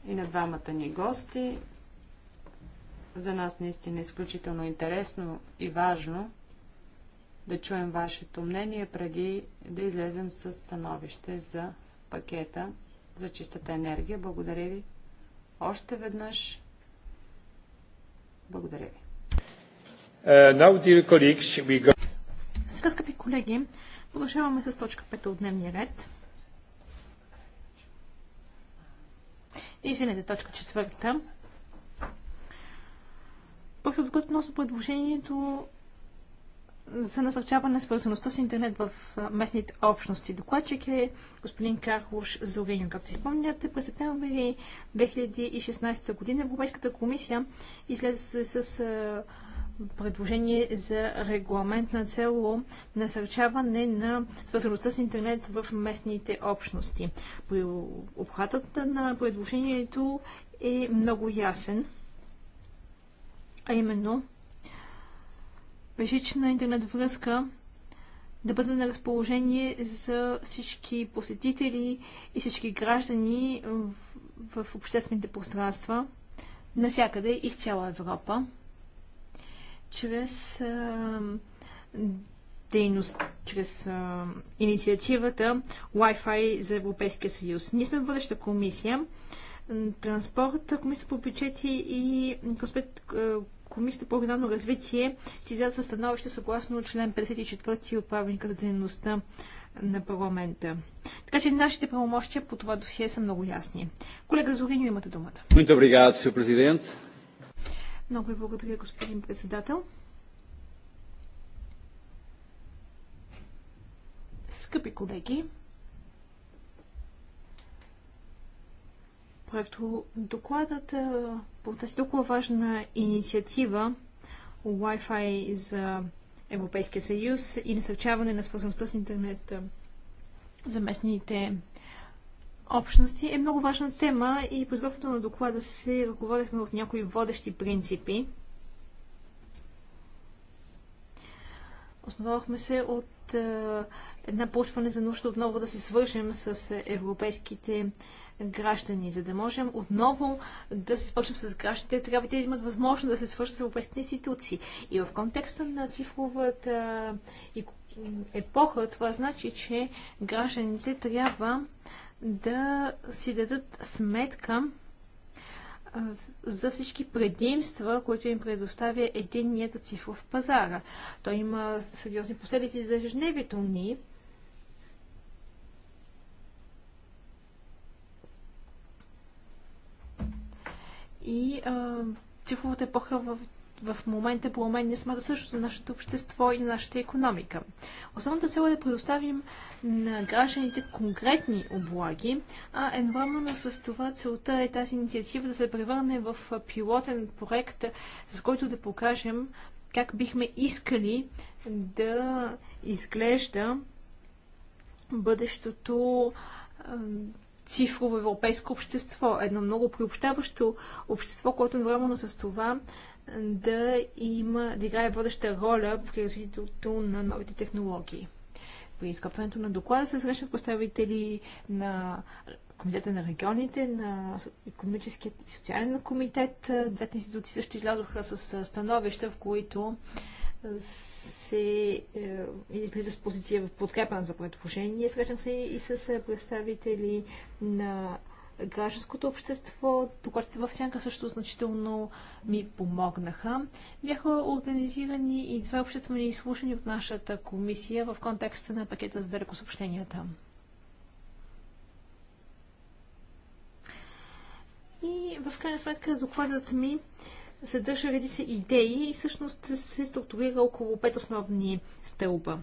и на двамата ни гости. За нас наистина е изключително интересно и важно да чуем вашето мнение преди да излезем с становище за пакета за чистата енергия. Благодаря ви още веднъж. Благодаря ви. Е, Сега, скъпи колеги, продължаваме с точка 5 от дневния ред. Извинете, точка четвърта. Проектът, който относно предложението за насърчаване на свързаността с интернет в местните общности. Докладчик е господин Карлош Зориньо. Както си спомняте, през септември 2016 година Европейската комисия излезе с предложение за регламент на цело насърчаване на свързаността с интернет в местните общности. Обхватът на предложението е много ясен а именно бежична интернет връзка да бъде на разположение за всички посетители и всички граждани в, в обществените пространства насякъде и в цяла Европа чрез а, дейност, чрез а, инициативата Wi-Fi за Европейския съюз. Ние сме бъдеща комисия, транспорт, комисия по бюджети и Комисията по регионално развитие ще дадат със становище съгласно член 54 от правилника за дейността на парламента. Така че нашите правомощия по това досие са много ясни. Колега Зориньо, имате думата. президент. Много ви благодаря, господин председател. Скъпи колеги, проекто докладът по тази толкова важна инициатива Wi-Fi за Европейския съюз и насърчаване на свързаността с интернет за местните общности е много важна тема и подготвянето на доклада се ръководехме от някои водещи принципи. Основавахме се от е, една почване за нужда отново да се свържем с европейските граждани. За да можем отново да се свършим с гражданите, трябва да имат възможност да се свършат с европейските институции. И в контекста на цифровата епоха, това значи, че гражданите трябва да си дадат сметка за всички предимства, които им предоставя единният цифров пазар. Той има сериозни последици за ежедневието ни, И а, цифровата епоха в, в момента е променя смята също за нашето общество и нашата економика. Основната цел е да предоставим на гражданите конкретни облаги, а едновременно с това целта е тази инициатива да се превърне в пилотен проект, с който да покажем как бихме искали да изглежда бъдещото цифрово европейско общество, едно много приобщаващо общество, което едновременно с това да има, да играе водеща роля при развитието на новите технологии. При изкъпването на доклада се срещат представители на Комитета на регионите, на Економическият и социален комитет. Двете институции също излязоха с становища, в които се е, излиза с позиция в подкрепа на това предложение. Срещам се и с е, представители на гражданското общество, докладите в Сянка също значително ми помогнаха. Бяха организирани и две обществени изслушани от нашата комисия в контекста на пакета за далекосъобщенията. И в крайна сметка докладът ми съдържа се идеи и всъщност се структурира около пет основни стълба.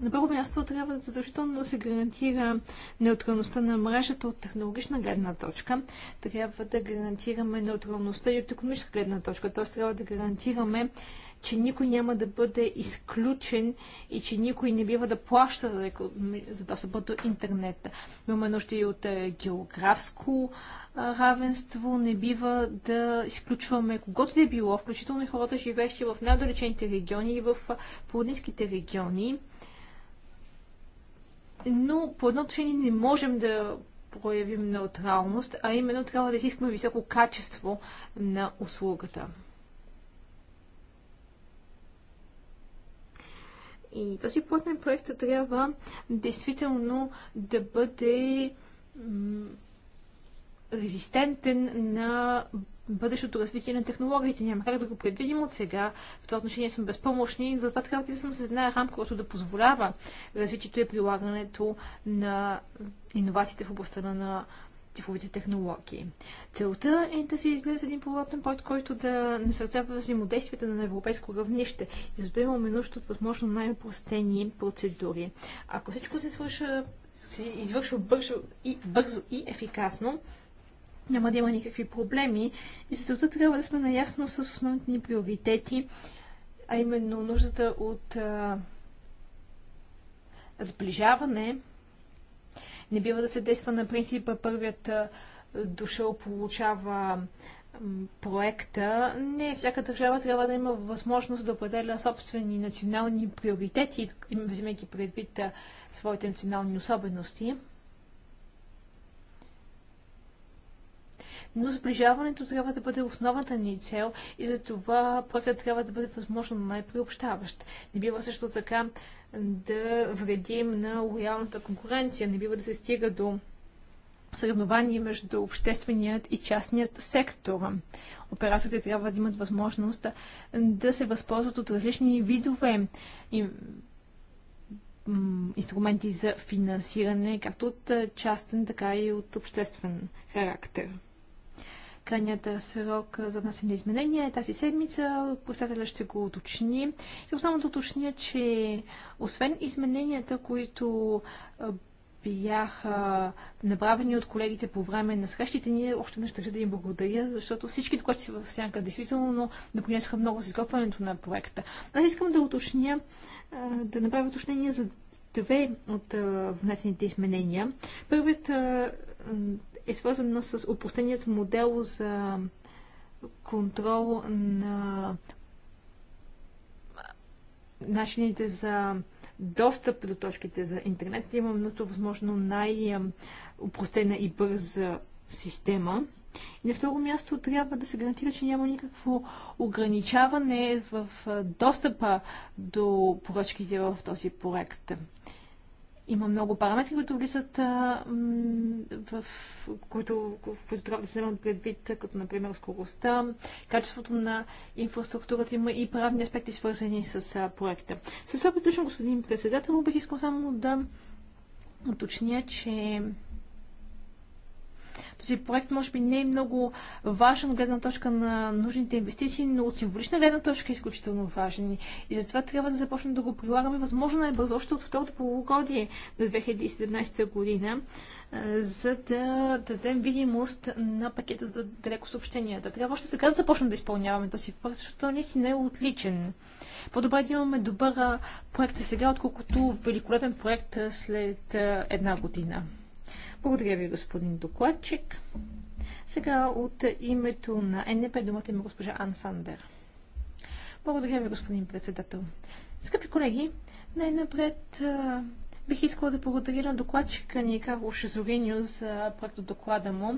На първо място трябва задължително да се гарантира неутралността на мрежата от технологична гледна точка. Трябва да гарантираме неутралността и от економическа гледна точка. Т.е. трябва да гарантираме, че никой няма да бъде изключен и че никой не бива да плаща за, за достъпа до интернет. Имаме нужда и от е, географско равенство, не бива да изключваме когото да е било, включително и хората, живеещи в най-далечените региони и в плодинските региони. Но по едно отношение не можем да проявим неутралност, а именно трябва да изискваме високо качество на услугата. И този платен проект трябва действително да бъде резистентен на бъдещото развитие на технологиите. Няма как да го предвидим от сега. В това отношение сме безпомощни, затова трябва да съм с една рамка, която да позволява развитието и прилагането на иновациите в областта на цифровите технологии. Целта е да се излезе един поворотен път, който да насърцава взаимодействията на европейско равнище. И затова имаме нужда от възможно най-простени процедури. Ако всичко се свърша се извършва бързо и, бързо и ефикасно, няма да има никакви проблеми. И затова трябва да сме наясно с основните ни приоритети, а именно нуждата от а, сближаване. Не бива да се действа на принципа първият а, дошъл получава проекта. Не, всяка държава трябва да има възможност да определя собствени национални приоритети, вземайки предвид своите национални особености. но сближаването трябва да бъде основната ни цел и за това проектът трябва да бъде възможно най-приобщаващ. Не бива също така да вредим на лоялната конкуренция, не бива да се стига до съревнование между общественият и частният сектор. Операторите трябва да имат възможност да се възползват от различни видове инструменти за финансиране, както от частен, така и от обществен характер. Крайният срок за внасяне изменения е тази седмица. Председателя ще го уточни. И само да уточня, че освен измененията, които бяха направени от колегите по време на срещите ни. Още не ще да им благодаря, защото всички които си в сянка действително допринесоха много с изготвянето на проекта. Аз искам да уточня, да направя уточнение за две от внесените изменения. Първият е свързана с упростеният модел за контрол на начините за достъп до точките за интернет. Имам нужда възможно най-упростена и бърза система. И на второ място трябва да се гарантира, че няма никакво ограничаване в достъпа до поръчките в този проект. Има много параметри, които влизат в, които, в които трябва да се вземат предвид, като например скоростта, качеството на инфраструктурата. Има и правни аспекти, свързани с а, проекта. С това приключвам, господин председател. Бих искал само да уточня, че този проект може би не е много важен от гледна точка на нужните инвестиции, но от символична гледна точка е изключително важен. И затова трябва да започнем да го прилагаме възможно е бързо още от второто полугодие на 2017 година за да дадем видимост на пакета за далеко съобщенията. Трябва още сега да започнем да изпълняваме този проект, защото той наистина е отличен. По-добре да имаме добър проект сега, отколкото великолепен проект след една година. Благодаря ви, господин докладчик. Сега от името на НП думата има госпожа Ан Сандер. Благодаря ви, господин председател. Скъпи колеги, най-напред бих искала да благодаря на докладчика ни Карло Шезориньо за проекто доклада му.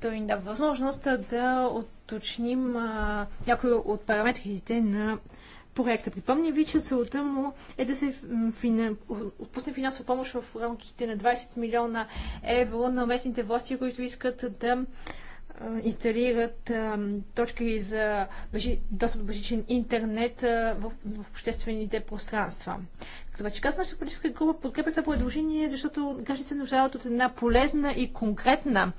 Той ни дава възможност да уточним някои от параметрите на проекта. Припомня ви, че целта му е да се фина... отпусне финансова помощ в рамките на 20 милиона евро на местните власти, които искат да инсталират точки за достъп до бъжичен интернет в, обществените пространства. Като вече казвам, нашата политическа група подкрепя това предложение, защото гражданите се нуждаят от една полезна и конкретна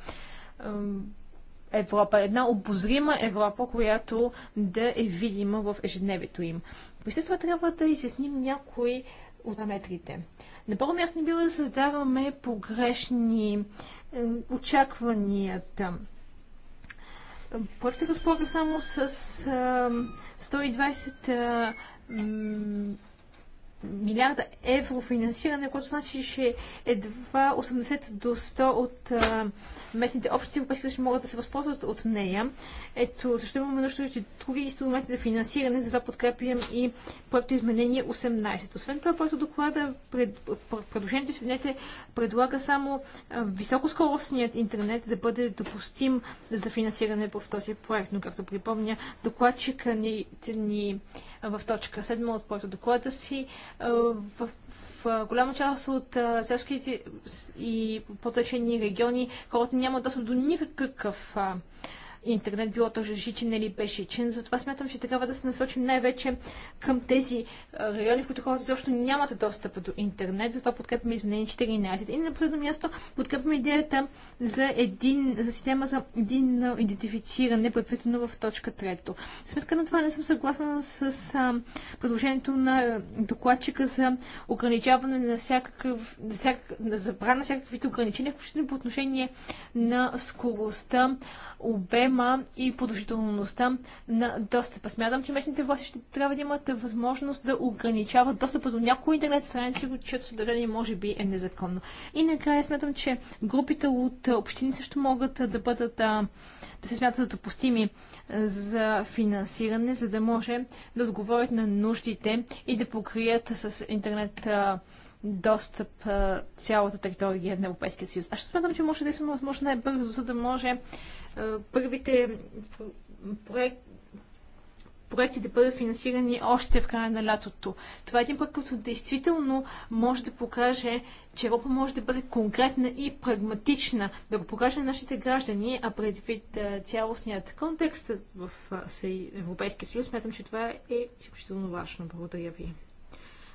Европа, една обозрима Европа, която да е видима в ежедневието им. При след това трябва да изясним някои от параметрите. На първо място не бива да създаваме погрешни е, очакванията. Проектът разполага само с 120 е, милиарда евро финансиране, което значи, че едва 80 до 100 от а, местните общности европейски ще могат да се възползват от нея. Ето, защо имаме нужда от други инструменти за финансиране, затова подкрепям и проекто изменение 18. Освен това, проекто доклада, пред, предложението, извинете, предлага само високоскоростният интернет да бъде допустим за финансиране в този проект. Но, както припомня, докладчика ни, ни в точка 7 от който доклада си. Е, в, в е, голяма част от е, селските и потъчени региони хората нямат достъп до никакъв интернет, било то жичен или пешичен. Затова смятам, че трябва да се насочим най-вече към тези райони, в които хората изобщо нямат достъп до интернет. Затова подкрепяме изменение 14. И на последно място подкрепяме идеята за, един, за система за един идентифициране, предвидено в точка 3. Сметка на това не съм съгласна с а, предложението на докладчика за ограничаване на всякакъв, всяк, на забрана всякакви ограничения, включително по отношение на скоростта, обем проблема и продължителността на достъпа. Смятам, че местните власти ще трябва да имат възможност да ограничават достъпа до някои интернет страници, чието съдържание може би е незаконно. И накрая смятам, че групите от общини също могат да бъдат да се смятат за допустими за финансиране, за да може да отговорят на нуждите и да покрият с интернет достъп цялата територия на Европейския съюз. Аз ще смятам, че може да има е, възможно най-бързо, за да може първите проекти да бъдат финансирани още в края на лятото. Това е един път, който действително може да покаже, че Европа може да бъде конкретна и прагматична, да го покаже на нашите граждани, а предвид цялостният контекст в Европейския съюз, смятам, че това е изключително важно. Благодаря ви.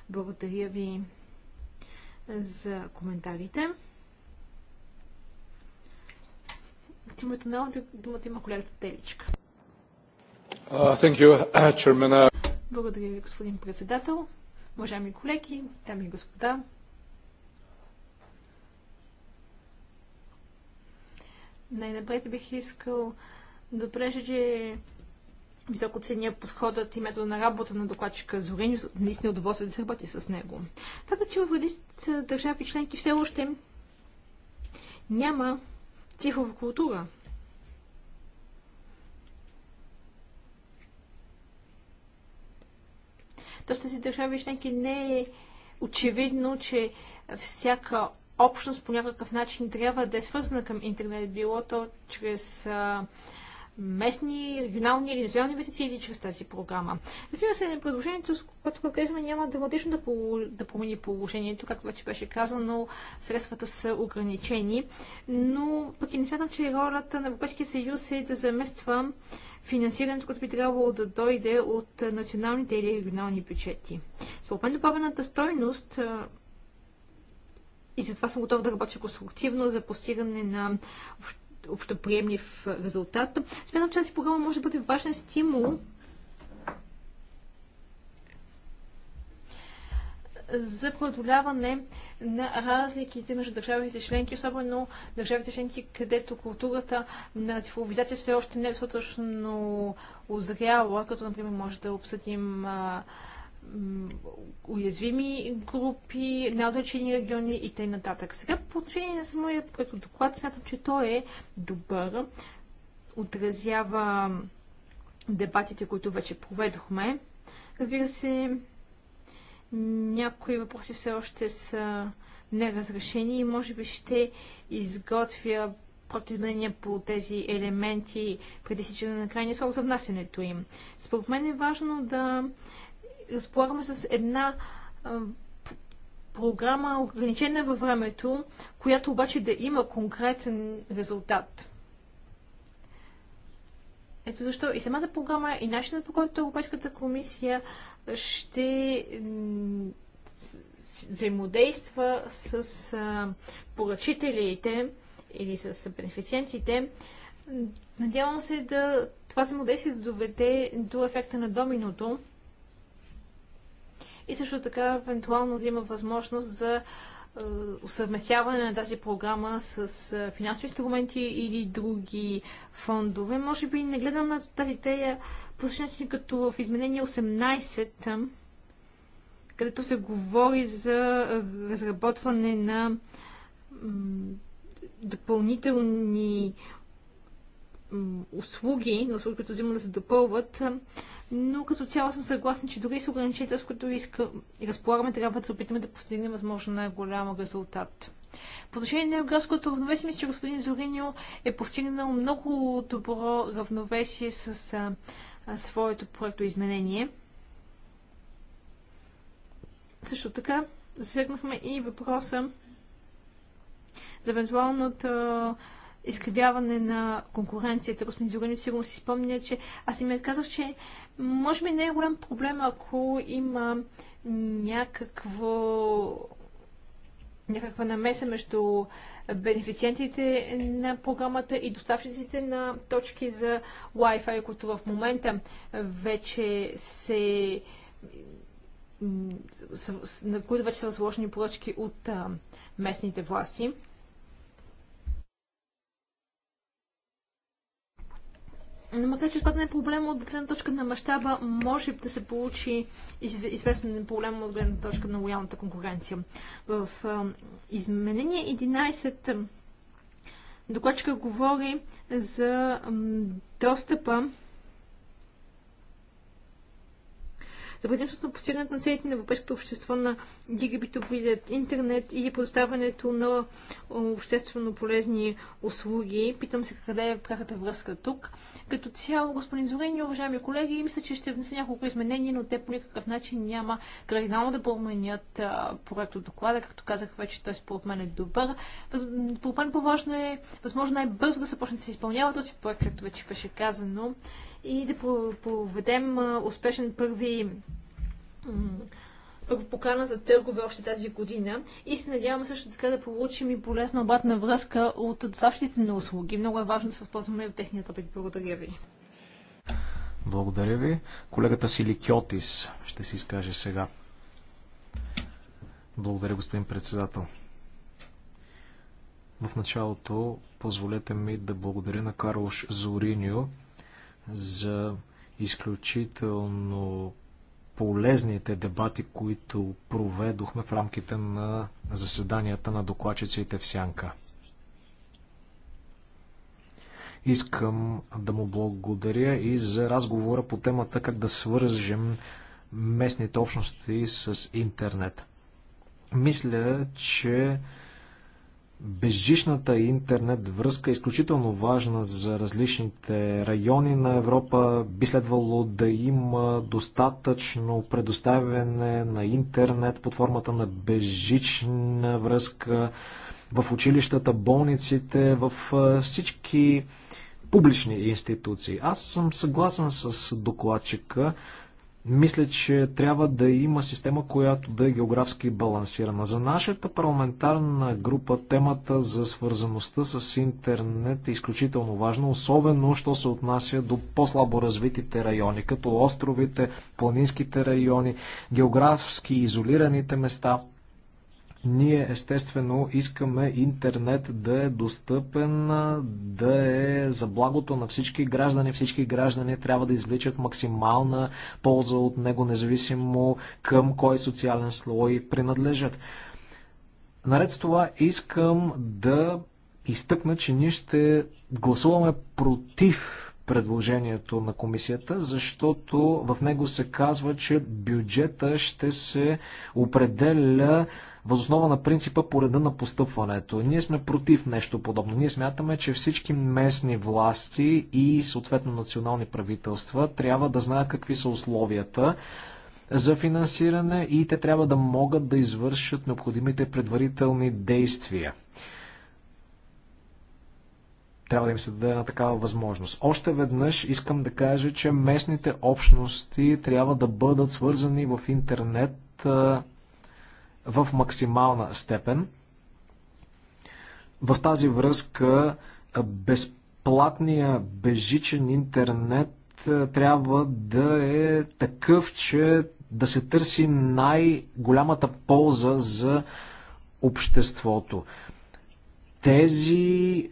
Благодаря ви за коментарите. От името на думата има колегата Теличка. Uh, uh, Благодаря ви, господин председател. Уважаеми колеги, дами и господа, най-напред бих искал да отбележа, че високо ценя подходът и метода на работа на докладчика Зорин. Наистина удоволствие да се работи с него. Така е, че в редица държави членки все още няма цифрова култура. Доста си държави членки не е очевидно, че всяка общност по някакъв начин трябва да е свързана към интернет, било то чрез а, местни, регионални или национални инвестиции чрез тази програма. Разбира се, на предложението, с което разглеждаме, няма драматично да, да промени положението, както вече беше казано, средствата са ограничени, но пък и не смятам, че ролята на Европейския съюз е да замества финансирането, което би трябвало да дойде от националните или регионални бюджети. Според мен добавената стойност и затова съм готова да работя конструктивно за постигане на общ общоприемлив резултат. Смятам, че тази програма може да бъде важен стимул за преодоляване на разликите между държавите членки, особено държавите членки, където културата на цифровизация все още не е достатъчно озряла, като, например, може да обсъдим уязвими групи, неотречени региони и т.н. Сега по отношение на самия проект доклад смятам, че той е добър, отразява дебатите, които вече проведохме. Разбира се, някои въпроси все още са неразрешени и може би ще изготвя противнения по тези елементи преди сичане на крайния срок за внасянето им. Според мен е важно да разполагаме с една а, програма, ограничена във времето, която обаче да има конкретен резултат. Ето защо и самата програма, и начинът по който Европейската комисия ще взаимодейства с а, поръчителите или с бенефициентите, надявам се да това взаимодействие да доведе до ефекта на доминото и също така евентуално да има възможност за е, съвместяване на тази програма с е, финансови инструменти или други фондове. Може би не гледам на тази тея по като в изменение 18, където се говори за е, разработване на допълнителни услуги, на услуги, които взимат да се допълват но като цяло съм съгласна, че дори с ограниченията, с които искам и разполагаме, трябва да се опитаме да постигнем възможно най-голям резултат. По отношение на географското равновесие, мисля, че господин Зориньо е постигнал много добро равновесие с а, а, своето проекто изменение. Също така, засегнахме и въпроса за евентуалното изкривяване на конкуренцията. Господин Зориньо сигурно си спомня, че аз им казах, че може би не е голям проблем, ако има някакво някаква намеса между бенефициентите на програмата и доставчиците на точки за Wi-Fi, които в момента вече се на които вече са възложени поръчки от местните власти. Но макар, че това не е проблем от гледна точка на мащаба, може да се получи известен проблем от гледна точка на лоялната конкуренция. В изменение 11 докладчика говори за достъпа за предимството на постигането на целите на европейското общество на гигабитовият интернет и предоставянето на обществено полезни услуги. Питам се къде е пряката връзка тук. Като цяло, господин Зорин и уважаеми колеги, мисля, че ще внеса няколко изменения, но те по никакъв начин няма кардинално да променят проекто доклада. Както казах вече, той според мен е добър. Според по-важно е, възможно най-бързо да започне да се изпълнява този проект, както вече беше казано и да проведем успешен първи първо покана за търгове още тази година и се надяваме също така да получим и полезна обратна връзка от доставчиците на услуги. Много е важно да се възползваме от техния опит. Благодаря ви. Благодаря ви. Колегата Силикиотис ще си изкаже сега. Благодаря, господин председател. В началото позволете ми да благодаря на Карлош Зориньо за изключително полезните дебати, които проведохме в рамките на заседанията на докладчиците в Сянка. Искам да му благодаря и за разговора по темата как да свържем местните общности с интернет. Мисля, че Безжичната интернет връзка е изключително важна за различните райони на Европа. Би следвало да има достатъчно предоставяне на интернет под формата на безжична връзка в училищата, болниците, в всички публични институции. Аз съм съгласен с докладчика. Мисля, че трябва да има система, която да е географски балансирана. За нашата парламентарна група темата за свързаността с интернет е изключително важна, особено що се отнася до по-слабо развитите райони, като островите, планинските райони, географски изолираните места – ние естествено искаме интернет да е достъпен, да е за благото на всички граждани. Всички граждани трябва да извличат максимална полза от него, независимо към кой социален слой принадлежат. Наред с това искам да изтъкна, че ние ще гласуваме против предложението на комисията, защото в него се казва, че бюджета ще се определя възоснова на принципа по реда на постъпването. Ние сме против нещо подобно. Ние смятаме, че всички местни власти и съответно национални правителства трябва да знаят какви са условията за финансиране и те трябва да могат да извършат необходимите предварителни действия трябва да им се даде една такава възможност. Още веднъж искам да кажа, че местните общности трябва да бъдат свързани в интернет в максимална степен. В тази връзка безплатния безжичен интернет трябва да е такъв, че да се търси най-голямата полза за обществото. Тези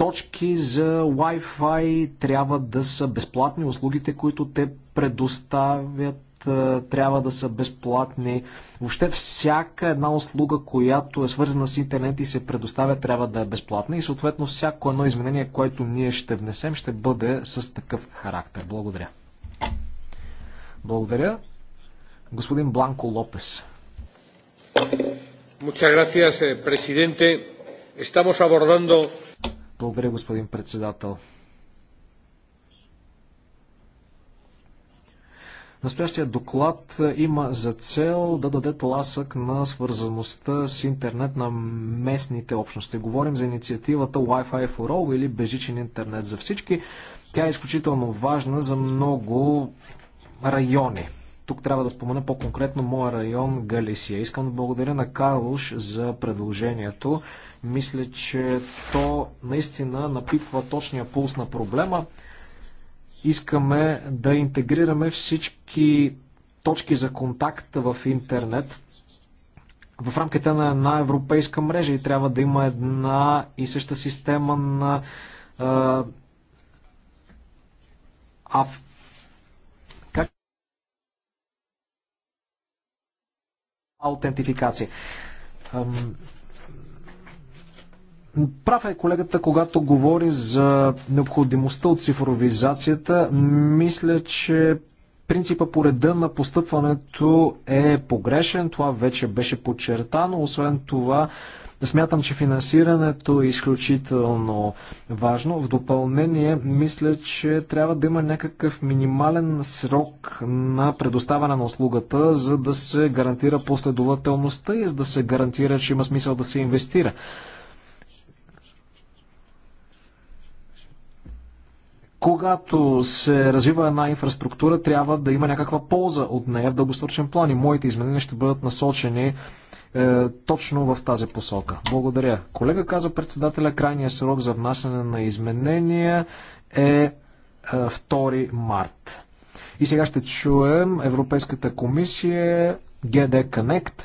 точки за Wi-Fi трябва да са безплатни, услугите, които те предоставят трябва да са безплатни. Въобще всяка една услуга, която е свързана с интернет и се предоставя, трябва да е безплатна и съответно всяко едно изменение, което ние ще внесем, ще бъде с такъв характер. Благодаря. Благодаря. Господин Бланко Лопес. Muchas gracias, eh, presidente. Estamos abordando благодаря, господин председател. Настоящия доклад е, има за цел да даде тласък на свързаността с интернет на местните общности. Говорим за инициативата Wi-Fi for All или Бежичен интернет за всички. Тя е изключително важна за много райони тук трябва да спомена по-конкретно моя район Галисия. Искам да благодаря на Карлуш за предложението. Мисля, че то наистина напипва точния пулс на проблема. Искаме да интегрираме всички точки за контакт в интернет в рамките на една европейска мрежа и трябва да има една и съща система на а, аутентификация. Прав е колегата, когато говори за необходимостта от цифровизацията. Мисля, че принципа по реда на постъпването е погрешен. Това вече беше подчертано. Освен това, Смятам, че финансирането е изключително важно. В допълнение, мисля, че трябва да има някакъв минимален срок на предоставяне на услугата, за да се гарантира последователността и за да се гарантира, че има смисъл да се инвестира. когато се развива една инфраструктура, трябва да има някаква полза от нея в дългосрочен план и моите изменения ще бъдат насочени е, точно в тази посока. Благодаря. Колега каза председателя, крайния срок за внасяне на изменения е 2 е, март. И сега ще чуем Европейската комисия GD Connect.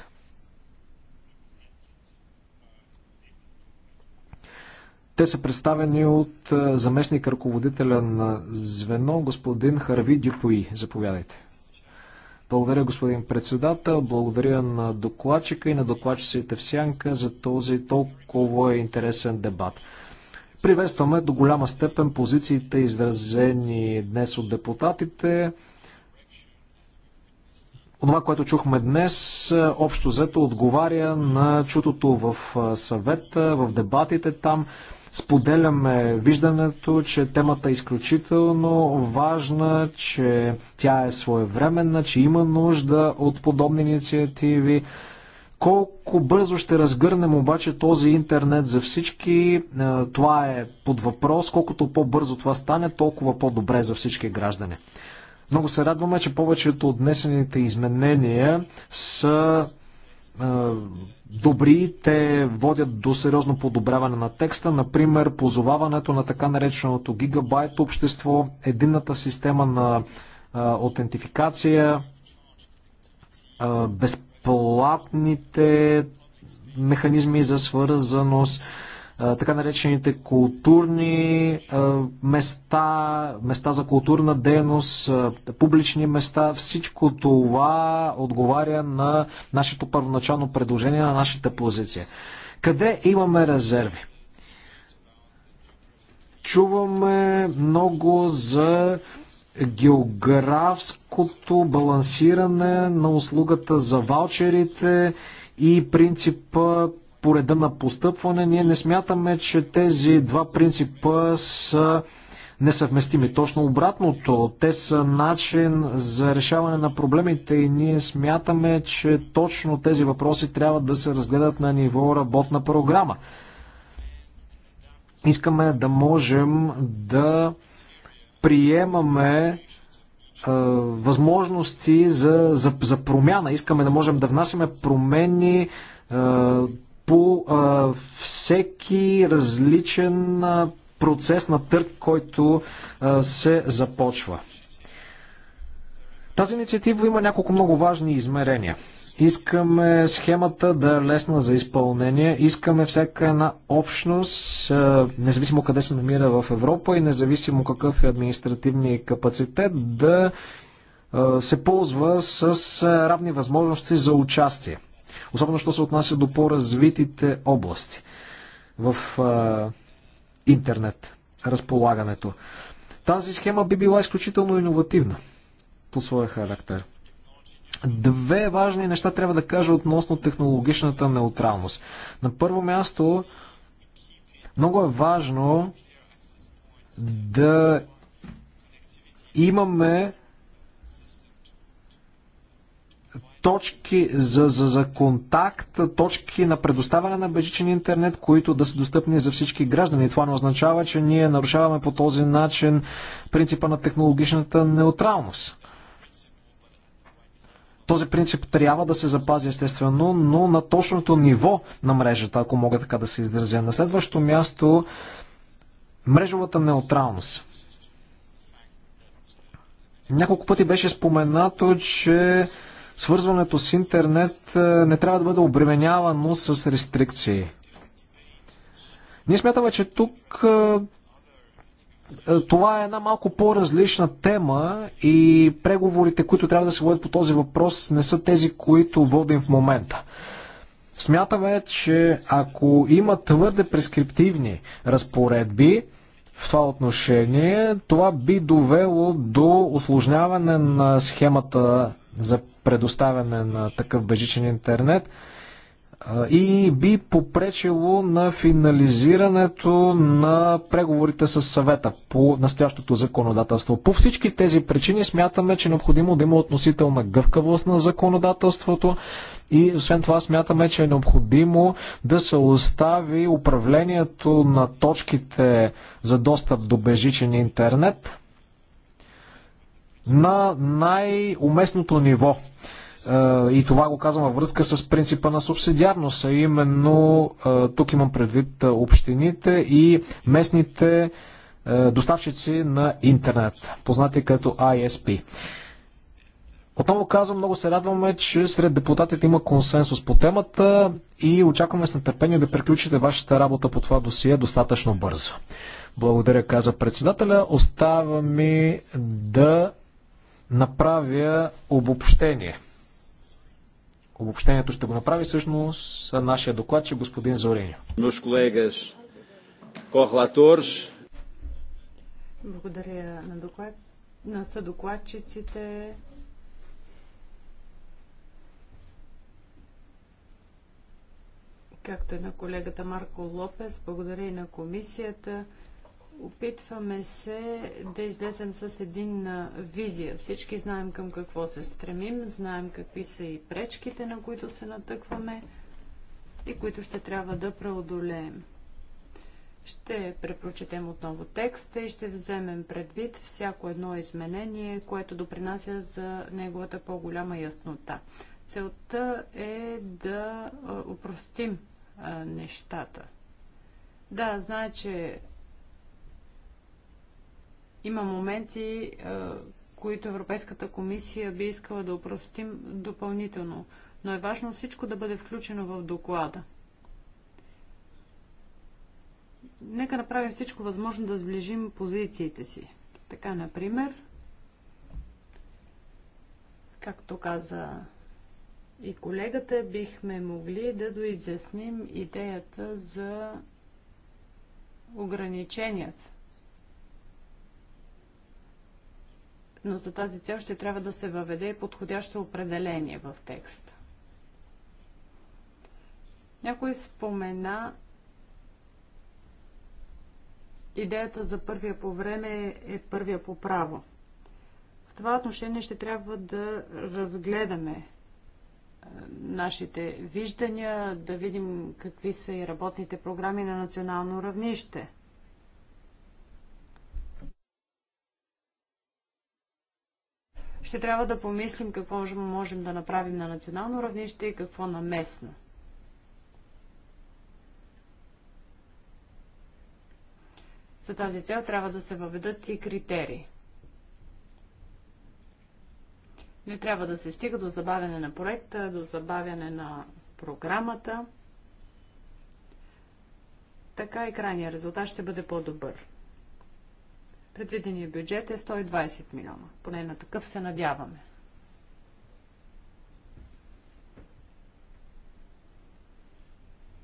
Те са представени от е, заместник ръководителя на звено господин Харви Дюпои. Заповядайте. Благодаря, господин председател. Благодаря на докладчика и на докладчиците в Сянка за този толкова интересен дебат. Приветстваме до голяма степен позициите, изразени днес от депутатите. Това, което чухме днес, общо взето отговаря на чутото в съвета, в дебатите там. Споделяме виждането, че темата е изключително важна, че тя е своевременна, че има нужда от подобни инициативи. Колко бързо ще разгърнем обаче този интернет за всички, това е под въпрос. Колкото по-бързо това стане, толкова по-добре за всички граждани. Много се радваме, че повечето от днесените изменения са добри, те водят до сериозно подобряване на текста, например позоваването на така нареченото гигабайт общество, единната система на аутентификация, безплатните механизми за свързаност, така наречените културни места, места за културна дейност, публични места. Всичко това отговаря на нашето първоначално предложение, на нашата позиция. Къде имаме резерви? Чуваме много за географското балансиране на услугата за ваучерите и принципа по реда на постъпване. Ние не смятаме, че тези два принципа са несъвместими. Точно обратното, те са начин за решаване на проблемите и ние смятаме, че точно тези въпроси трябва да се разгледат на ниво работна програма. Искаме да можем да приемаме възможности за, за, за промяна. Искаме да можем да внасяме промени по а, всеки различен а, процес на търг, който а, се започва. Тази инициатива има няколко много важни измерения. Искаме схемата да е лесна за изпълнение, искаме всяка една общност, независимо къде се намира в Европа и независимо какъв е административния капацитет, да се ползва с равни възможности за участие Особено, що се отнася до по-развитите области в а, интернет, разполагането. Тази схема би била изключително иновативна по своя характер. Две важни неща трябва да кажа относно технологичната неутралност. На първо място, много е важно да имаме точки за, за, за контакт, точки на предоставяне на бежичен интернет, които да са достъпни за всички граждани. Това не означава, че ние нарушаваме по този начин принципа на технологичната неутралност. Този принцип трябва да се запази естествено, но на точното ниво на мрежата, ако мога така да се изразя. На следващо място мрежовата неутралност. Няколко пъти беше споменато, че свързването с интернет е, не трябва да бъде обременявано с рестрикции. Ние смятаме, че тук е, е, това е една малко по-различна тема и преговорите, които трябва да се водят по този въпрос, не са тези, които водим в момента. Смятаме, че ако има твърде прескриптивни разпоредби в това отношение, това би довело до осложняване на схемата за предоставяне на такъв бежичен интернет и би попречило на финализирането на преговорите с съвета по настоящото законодателство. По всички тези причини смятаме, че е необходимо да има относителна гъвкавост на законодателството и освен това смятаме, че е необходимо да се остави управлението на точките за достъп до бежичен интернет на най-уместното ниво. Е, и това го казвам във връзка с принципа на субсидиарност, а именно е, тук имам предвид е, общините и местните доставчици на интернет, познати като ISP. Отново казвам, много се радваме, че сред депутатите има консенсус по темата и очакваме с нетърпение да приключите вашата работа по това досие достатъчно бързо. Благодаря, каза председателя. Остава ми да направя обобщение. Обобщението ще го направи всъщност нашия докладчик господин Зориньо. Благодаря на, доклад... на съдокладчиците, както и на колегата Марко Лопес. Благодаря и на комисията. Опитваме се да излезем с един визия. Всички знаем към какво се стремим, знаем какви са и пречките, на които се натъкваме и които ще трябва да преодолеем. Ще препрочетем отново текста и ще вземем предвид всяко едно изменение, което допринася за неговата по-голяма яснота. Целта е да упростим нещата. Да, значи че има моменти, които Европейската комисия би искала да упростим допълнително, но е важно всичко да бъде включено в доклада. Нека направим всичко възможно да сближим позициите си. Така, например, както каза и колегата, бихме могли да доизясним идеята за ограниченията но за тази цел ще трябва да се въведе подходящо определение в текста. Някой спомена идеята за първия по време е първия по право. В това отношение ще трябва да разгледаме е, нашите виждания, да видим какви са и работните програми на национално равнище. ще трябва да помислим какво можем да направим на национално равнище и какво на местно. За тази цел трябва да се въведат и критерии. Не трябва да се стига до забавяне на проекта, до забавяне на програмата. Така и крайният резултат ще бъде по-добър. Предвидения бюджет е 120 милиона. Поне на такъв се надяваме.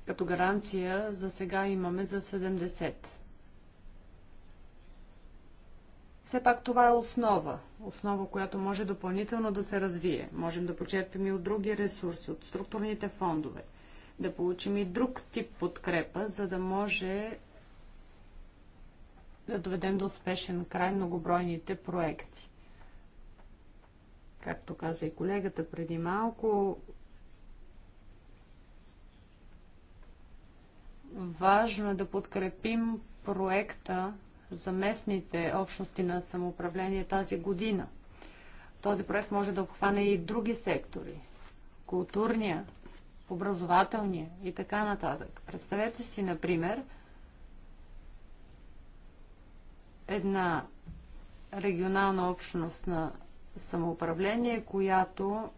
Като гаранция за сега имаме за 70. Все пак това е основа. Основа, която може допълнително да се развие. Можем да почерпим и от други ресурси, от структурните фондове. Да получим и друг тип подкрепа, за да може да доведем до успешен край многобройните проекти. Както каза и колегата преди малко, важно е да подкрепим проекта за местните общности на самоуправление тази година. Този проект може да обхване и други сектори. Културния, образователния и така нататък. Представете си, например, една регионална общност на самоуправление, която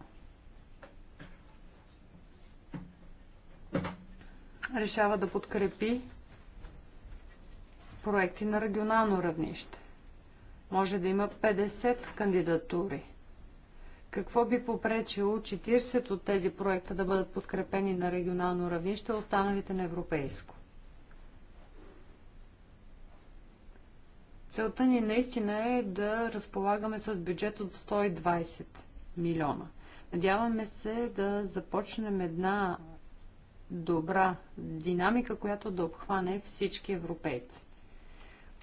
решава да подкрепи проекти на регионално равнище. Може да има 50 кандидатури. Какво би попречило 40 от тези проекта да бъдат подкрепени на регионално равнище, останалите на европейско? Целта ни наистина е да разполагаме с бюджет от 120 милиона. Надяваме се да започнем една добра динамика, която да обхване всички европейци.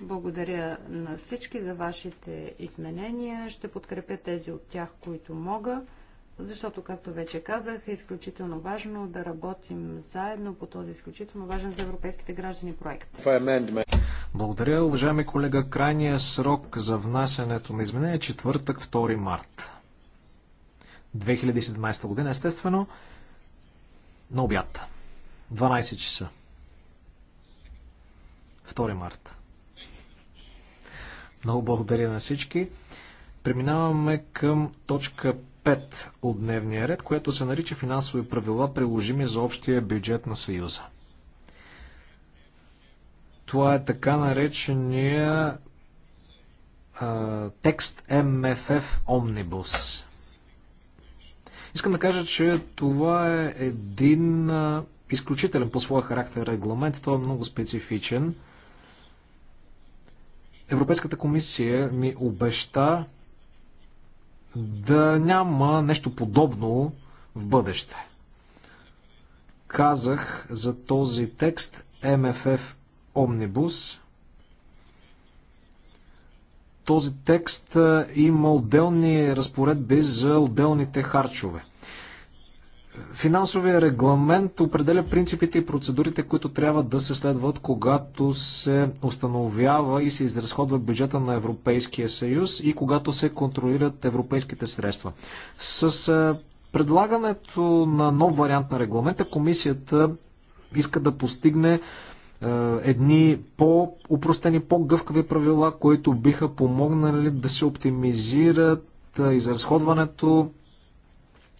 Благодаря на всички за вашите изменения. Ще подкрепя тези от тях, които мога. Защото, както вече казах, е изключително важно да работим заедно по този изключително важен за европейските граждани проект. Благодаря, уважаеми колега. Крайния срок за внасянето на изменение е четвъртък, 2 март 2017 година, естествено, на обяд. 12 часа. 2 март. Много благодаря на всички. Преминаваме към точка 5 от дневния ред, което се нарича финансови правила, приложими за общия бюджет на Съюза. Това е така наречения а, текст МФФ Омнибус. Искам да кажа, че това е един а, изключителен по своя характер регламент. Той е много специфичен. Европейската комисия ми обеща да няма нещо подобно в бъдеще. Казах за този текст МФФ Омнибус. Този текст има отделни разпоредби за отделните харчове. Финансовия регламент определя принципите и процедурите, които трябва да се следват, когато се установява и се изразходва бюджета на Европейския съюз и когато се контролират европейските средства. С предлагането на нов вариант на регламента комисията иска да постигне едни по-упростени, по-гъвкави правила, които биха помогнали да се оптимизират изразходването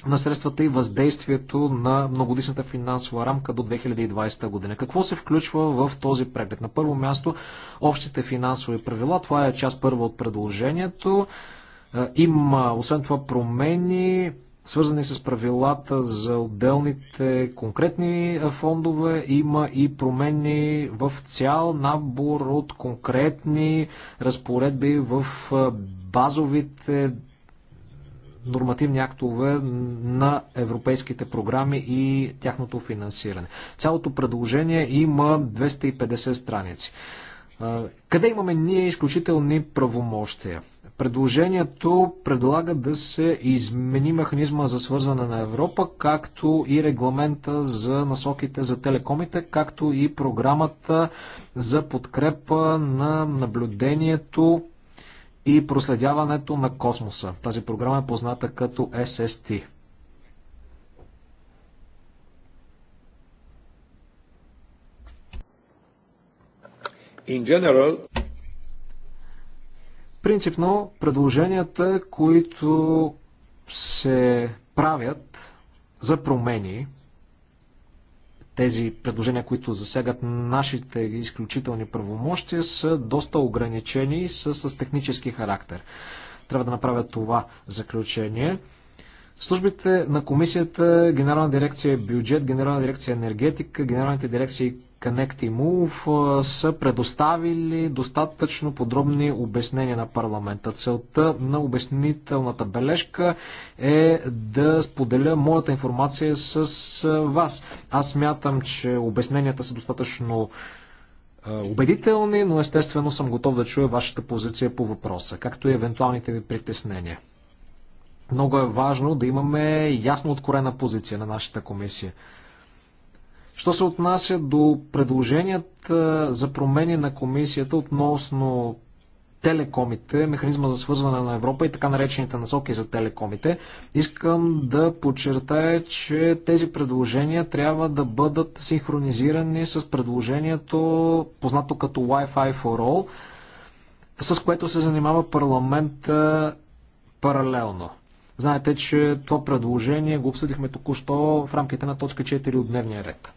на средствата и въздействието на многодисната финансова рамка до 2020 година. Какво се включва в този преглед? На първо място общите финансови правила. Това е част първа от предложението. Е, има, освен това, промени свързани с правилата за отделните конкретни е, фондове. Има и промени в цял набор от конкретни разпоредби в е, базовите нормативни актове на европейските програми и тяхното финансиране. Цялото предложение има 250 страници. Къде имаме ние изключителни правомощия? Предложението предлага да се измени механизма за свързване на Европа, както и регламента за насоките за телекомите, както и програмата за подкрепа на наблюдението и проследяването на космоса. Тази програма е позната като SST. In general... Принципно, предложенията, които се правят за промени тези предложения, които засягат нашите изключителни правомощия, са доста ограничени и са с технически характер. Трябва да направя това заключение. Службите на комисията, Генерална дирекция бюджет, Генерална дирекция енергетика, Генералните дирекции Connect и Move са предоставили достатъчно подробни обяснения на парламента. Целта на обяснителната бележка е да споделя моята информация с вас. Аз мятам, че обясненията са достатъчно убедителни, но естествено съм готов да чуя вашата позиция по въпроса, както и евентуалните ви притеснения. Много е важно да имаме ясно откорена позиция на нашата комисия. Що се отнася до предложенията за промени на комисията относно телекомите, механизма за свързване на Европа и така наречените насоки за телекомите, искам да подчертая, че тези предложения трябва да бъдат синхронизирани с предложението, познато като Wi-Fi for All, с което се занимава парламента паралелно. Знаете, че това предложение го обсъдихме току-що в рамките на точка 4 от дневния ред.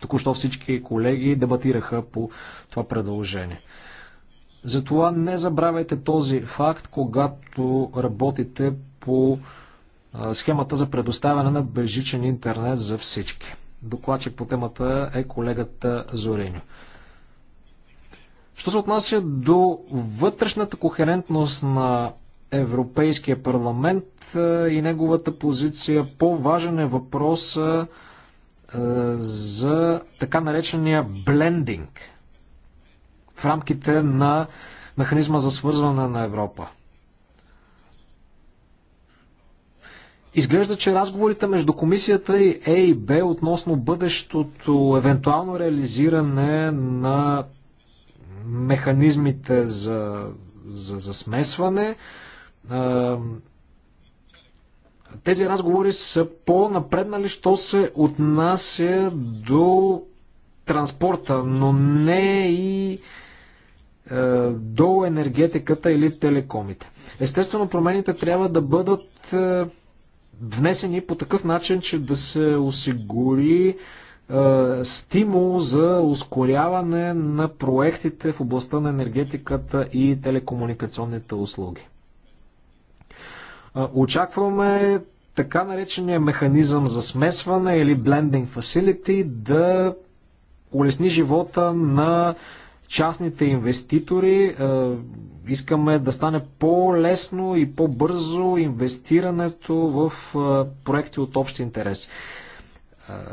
Току-що всички колеги дебатираха по това предложение. Затова не забравяйте този факт, когато работите по схемата за предоставяне на бежичен интернет за всички. Докладчик по темата е колегата Зориньо. Що се отнася до вътрешната кохерентност на Европейския парламент и неговата позиция, по-важен е въпросът за така наречения блендинг в рамките на механизма за свързване на Европа. Изглежда, че разговорите между комисията и Е и Б относно бъдещото евентуално реализиране на механизмите за, за, за смесване тези разговори са по-напреднали, що се отнася до транспорта, но не и е, до енергетиката или телекомите. Естествено, промените трябва да бъдат е, внесени по такъв начин, че да се осигури е, стимул за ускоряване на проектите в областта на енергетиката и телекомуникационните услуги. Очакваме така наречения механизъм за смесване или blending facility да улесни живота на частните инвеститори. Искаме да стане по-лесно и по-бързо инвестирането в проекти от общ интерес.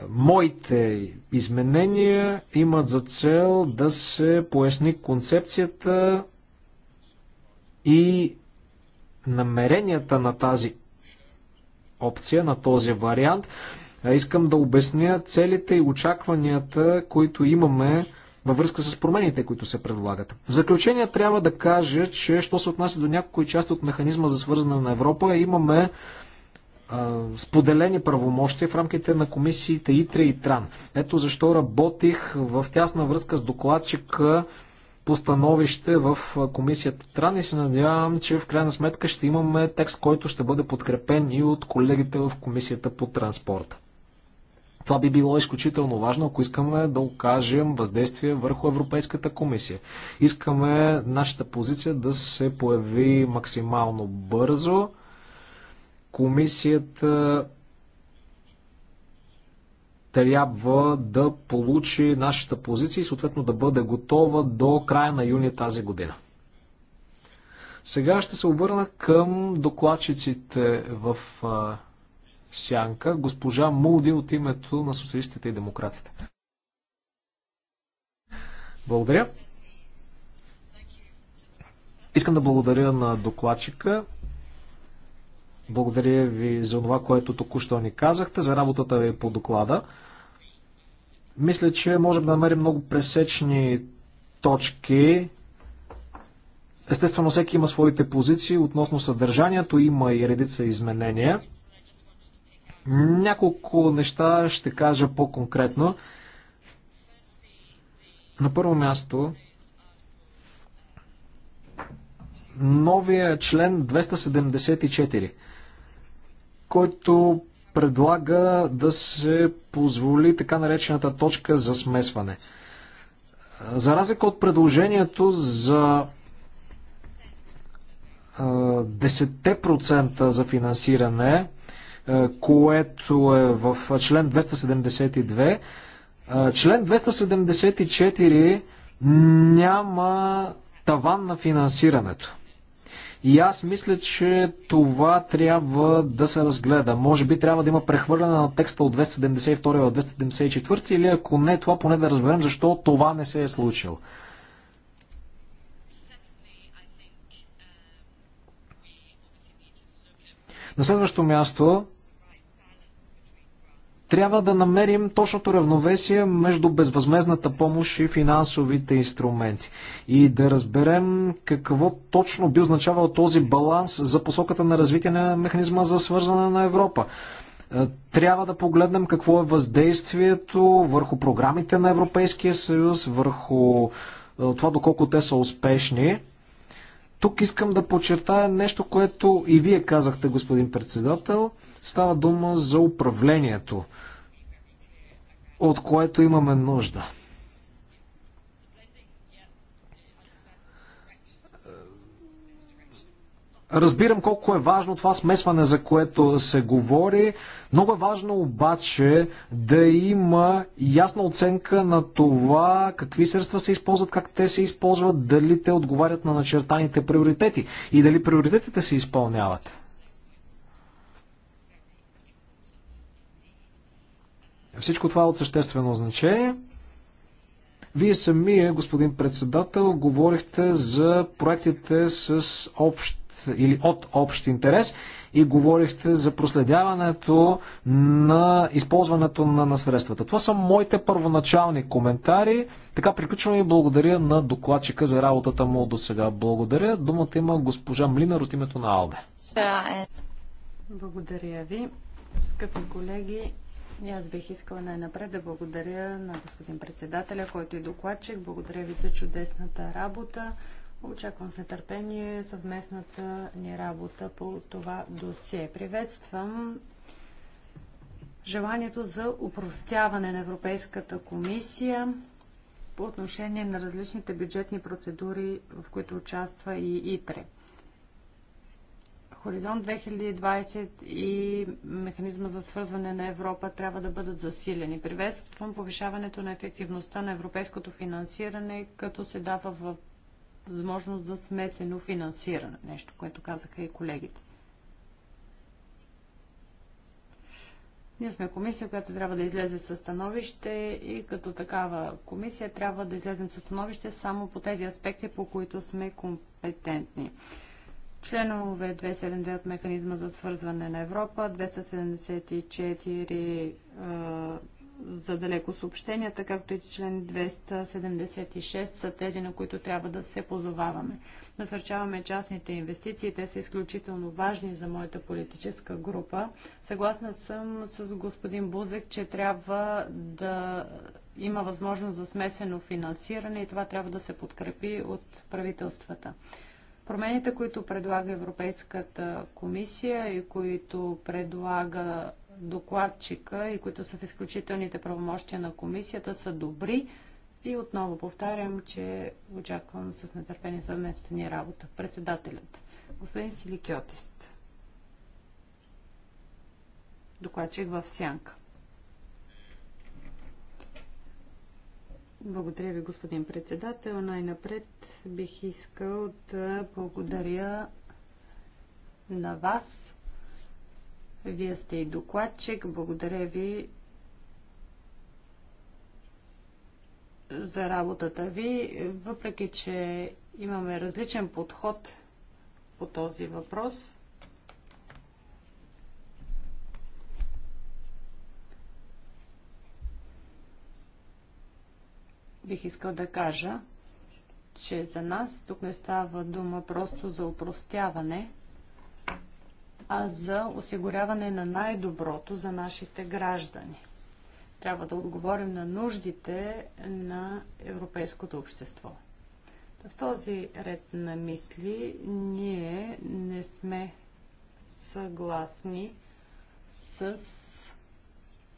Моите изменения имат за цел да се поясни концепцията и намеренията на тази опция, на този вариант. Искам да обясня целите и очакванията, които имаме във връзка с промените, които се предлагат. В заключение трябва да кажа, че що се отнася до някои части от механизма за свързане на Европа, имаме споделени правомощия в рамките на комисиите ИТРА и ТРАН. Ето защо работих в тясна връзка с докладчика постановище в комисията Тран и се надявам, че в крайна сметка ще имаме текст, който ще бъде подкрепен и от колегите в комисията по транспорта. Това би било изключително важно, ако искаме да окажем въздействие върху Европейската комисия. Искаме нашата позиция да се появи максимално бързо. Комисията трябва да получи нашата позиция и съответно да бъде готова до края на юни тази година. Сега ще се обърна към докладчиците в а, Сянка, госпожа Мулди от името на социалистите и демократите. Благодаря. Искам да благодаря на докладчика. Благодаря ви за това, което току-що ни казахте, за работата ви по доклада. Мисля, че можем да намерим много пресечни точки. Естествено, всеки има своите позиции относно съдържанието, има и редица изменения. Няколко неща ще кажа по-конкретно. На първо място, новия член 274 който предлага да се позволи така наречената точка за смесване. За разлика от предложението за 10% за финансиране, което е в член 272, член 274 няма таван на финансирането. И аз мисля, че това трябва да се разгледа. Може би трябва да има прехвърляне на текста от 272 в 274 или ако не, това поне да разберем защо това не се е случило. На следващо място трябва да намерим точното равновесие между безвъзмезната помощ и финансовите инструменти и да разберем какво точно би означавал този баланс за посоката на развитие на механизма за свързване на Европа. Е, трябва да погледнем какво е въздействието върху програмите на Европейския съюз, върху е, това доколко те са успешни. Тук искам да подчертая нещо, което и вие казахте, господин председател. Става дума за управлението, от което имаме нужда. Разбирам колко е важно това смесване, за което се говори. Много е важно обаче да има ясна оценка на това какви средства се използват, как те се използват, дали те отговарят на начертаните приоритети и дали приоритетите се изпълняват. Всичко това е от съществено значение. Вие самия, господин председател, говорихте за проектите с общ или от общ интерес и говорихте за проследяването на използването на, на средствата. Това са моите първоначални коментари. Така приключвам и благодаря на докладчика за работата му до сега. Благодаря. Думата има госпожа Млинар от името на Алде. Благодаря ви. Скъпи колеги, и аз бих искала най-напред да благодаря на господин председателя, който е докладчик. Благодаря ви за чудесната работа. Очаквам с нетърпение съвместната ни работа по това досие. Приветствам желанието за упростяване на Европейската комисия по отношение на различните бюджетни процедури, в които участва и ИТРЕ. Хоризонт 2020 и механизма за свързване на Европа трябва да бъдат засилени. Приветствам повишаването на ефективността на европейското финансиране, като се дава в възможност за смесено финансиране. Нещо, което казаха и колегите. Ние сме комисия, която трябва да излезе със становище и като такава комисия трябва да излезем със становище само по тези аспекти, по които сме компетентни. Членове 272 от механизма за свързване на Европа, 274 за далеко съобщенията, както и член 276 са тези, на които трябва да се позоваваме. Насърчаваме частните инвестиции, те са изключително важни за моята политическа група. Съгласна съм с господин Бузек, че трябва да има възможност за смесено финансиране и това трябва да се подкрепи от правителствата. Промените, които предлага Европейската комисия и които предлага докладчика и които са в изключителните правомощия на комисията, са добри. И отново повтарям, че очаквам с нетърпение съвместната ни работа. Председателят, господин Силикиотист, докладчик в Сянка. Благодаря ви, господин председател. Най-напред бих искал да благодаря на вас вие сте и докладчик. Благодаря ви за работата ви. Въпреки, че имаме различен подход по този въпрос, бих искал да кажа, че за нас тук не става дума просто за упростяване, а за осигуряване на най-доброто за нашите граждани. Трябва да отговорим на нуждите на европейското общество. В този ред на мисли ние не сме съгласни с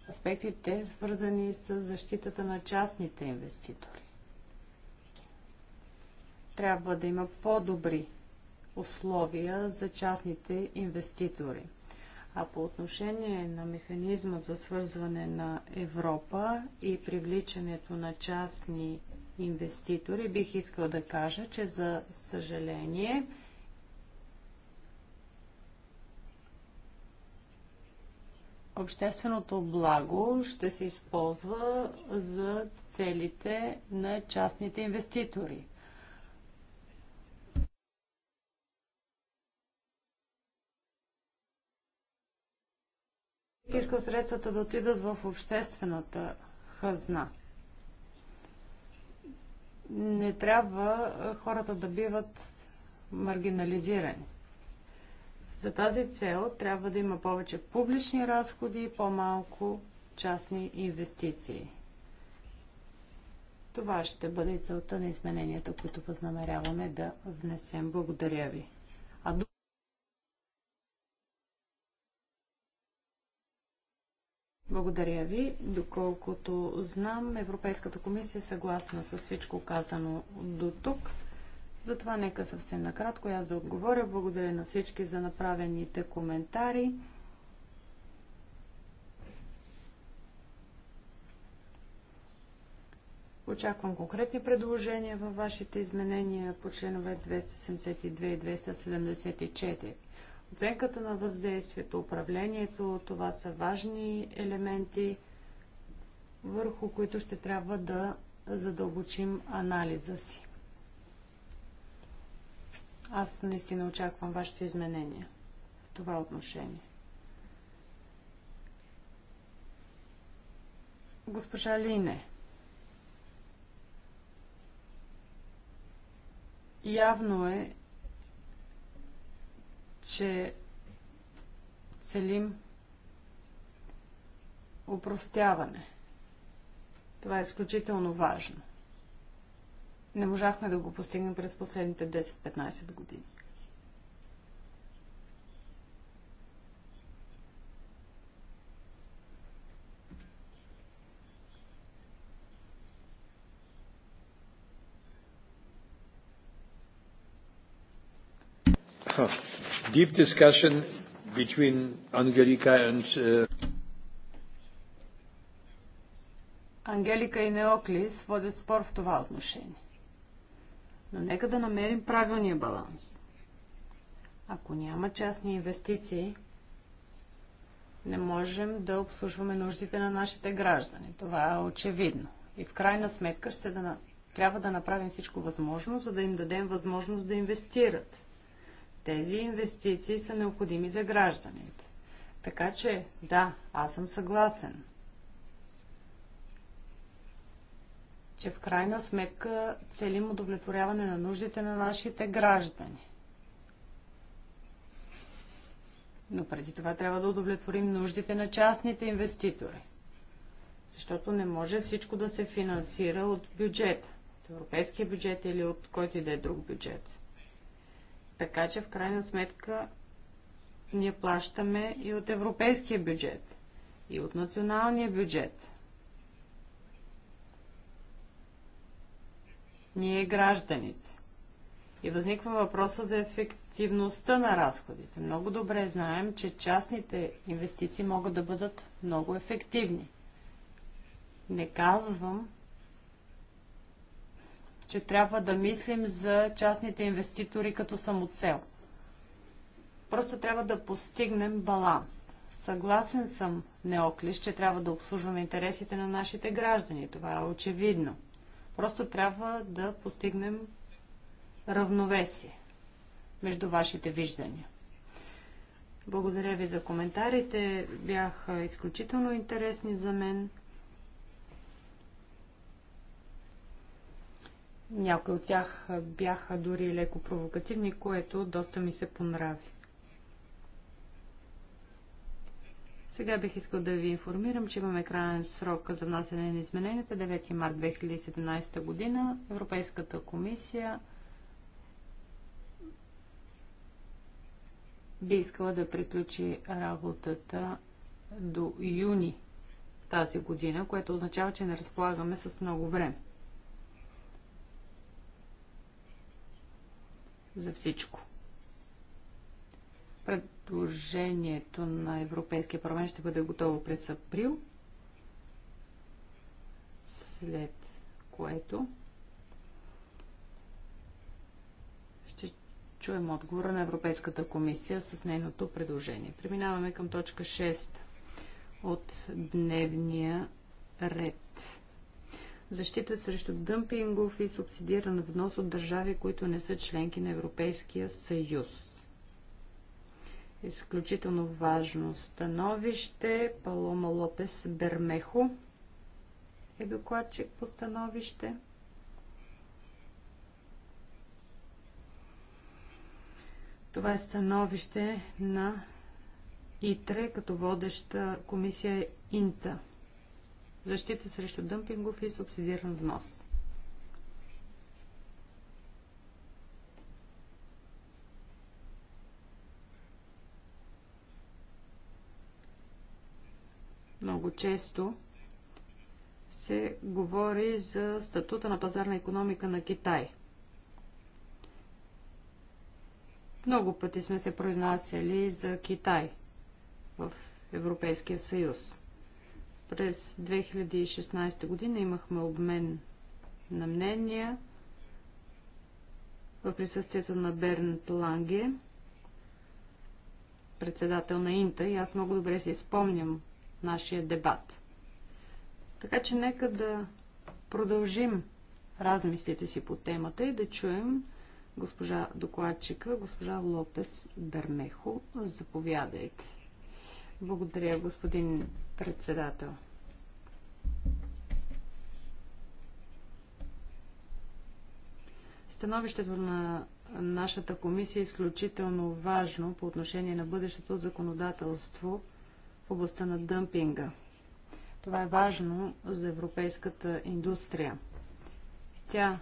аспектите, свързани с защитата на частните инвеститори. Трябва да има по-добри условия за частните инвеститори. А по отношение на механизма за свързване на Европа и привличането на частни инвеститори, бих искал да кажа, че за съжаление общественото благо ще се използва за целите на частните инвеститори. бих искал средствата да отидат в обществената хазна. Не трябва хората да биват маргинализирани. За тази цел трябва да има повече публични разходи и по-малко частни инвестиции. Това ще бъде и целта на измененията, които възнамеряваме да внесем. Благодаря ви. Благодаря ви. Доколкото знам, Европейската комисия е съгласна с всичко казано до тук. Затова нека съвсем накратко аз да отговоря. Благодаря на всички за направените коментари. Очаквам конкретни предложения във вашите изменения по членове 272 и 274. Оценката на въздействието, управлението, това са важни елементи, върху които ще трябва да задълбочим анализа си. Аз наистина очаквам вашите изменения в това отношение. Госпожа Лине, явно е, че целим упростяване. Това е изключително важно. Не можахме да го постигнем през последните 10-15 години. Huh deep discussion between Angelica and uh... Ангелика и Неоклис водят спор в това отношение. Но нека да намерим правилния баланс. Ако няма частни инвестиции, не можем да обслужваме нуждите на нашите граждани. Това е очевидно. И в крайна сметка ще да, трябва да направим всичко възможно, за да им дадем възможност да инвестират тези инвестиции са необходими за гражданите. Така че, да, аз съм съгласен. че в крайна сметка целим удовлетворяване на нуждите на нашите граждани. Но преди това трябва да удовлетворим нуждите на частните инвеститори. Защото не може всичко да се финансира от бюджета, от европейския бюджет или от който и да е друг бюджет. Така че в крайна сметка ние плащаме и от европейския бюджет, и от националния бюджет. Ние гражданите. И възниква въпроса за ефективността на разходите. Много добре знаем, че частните инвестиции могат да бъдат много ефективни. Не казвам, че трябва да мислим за частните инвеститори като самоцел. Просто трябва да постигнем баланс. Съгласен съм, Неоклиш, че трябва да обслужваме интересите на нашите граждани. Това е очевидно. Просто трябва да постигнем равновесие между вашите виждания. Благодаря ви за коментарите. Бяха изключително интересни за мен. Някои от тях бяха дори леко провокативни, което доста ми се понрави. Сега бих искал да ви информирам, че имаме крайен срок за внасяне на измененията 9 март 2017 година. Европейската комисия би искала да приключи работата до юни тази година, което означава, че не разполагаме с много време. за всичко. Предложението на Европейския парламент ще бъде готово през април, след което ще чуем отговора на Европейската комисия с нейното предложение. Преминаваме към точка 6 от дневния ред защита срещу дъмпингов и субсидиран внос от държави, които не са членки на Европейския съюз. Изключително важно становище. Палома Лопес Бермехо е докладчик по становище. Това е становище на ИТРЕ, като водеща комисия ИНТА защита срещу дъмпингов и субсидиран внос. Много често се говори за статута на пазарна економика на Китай. Много пъти сме се произнасяли за Китай в Европейския съюз. През 2016 година имахме обмен на мнения в присъствието на Бернт Ланге, председател на Инта, и аз много добре си спомням нашия дебат. Така че нека да продължим размислите си по темата и да чуем госпожа докладчика, госпожа Лопес Бермехо. Заповядайте. Благодаря, господин председател. Становището на нашата комисия е изключително важно по отношение на бъдещето законодателство в областта на дъмпинга. Това е важно за европейската индустрия. Тя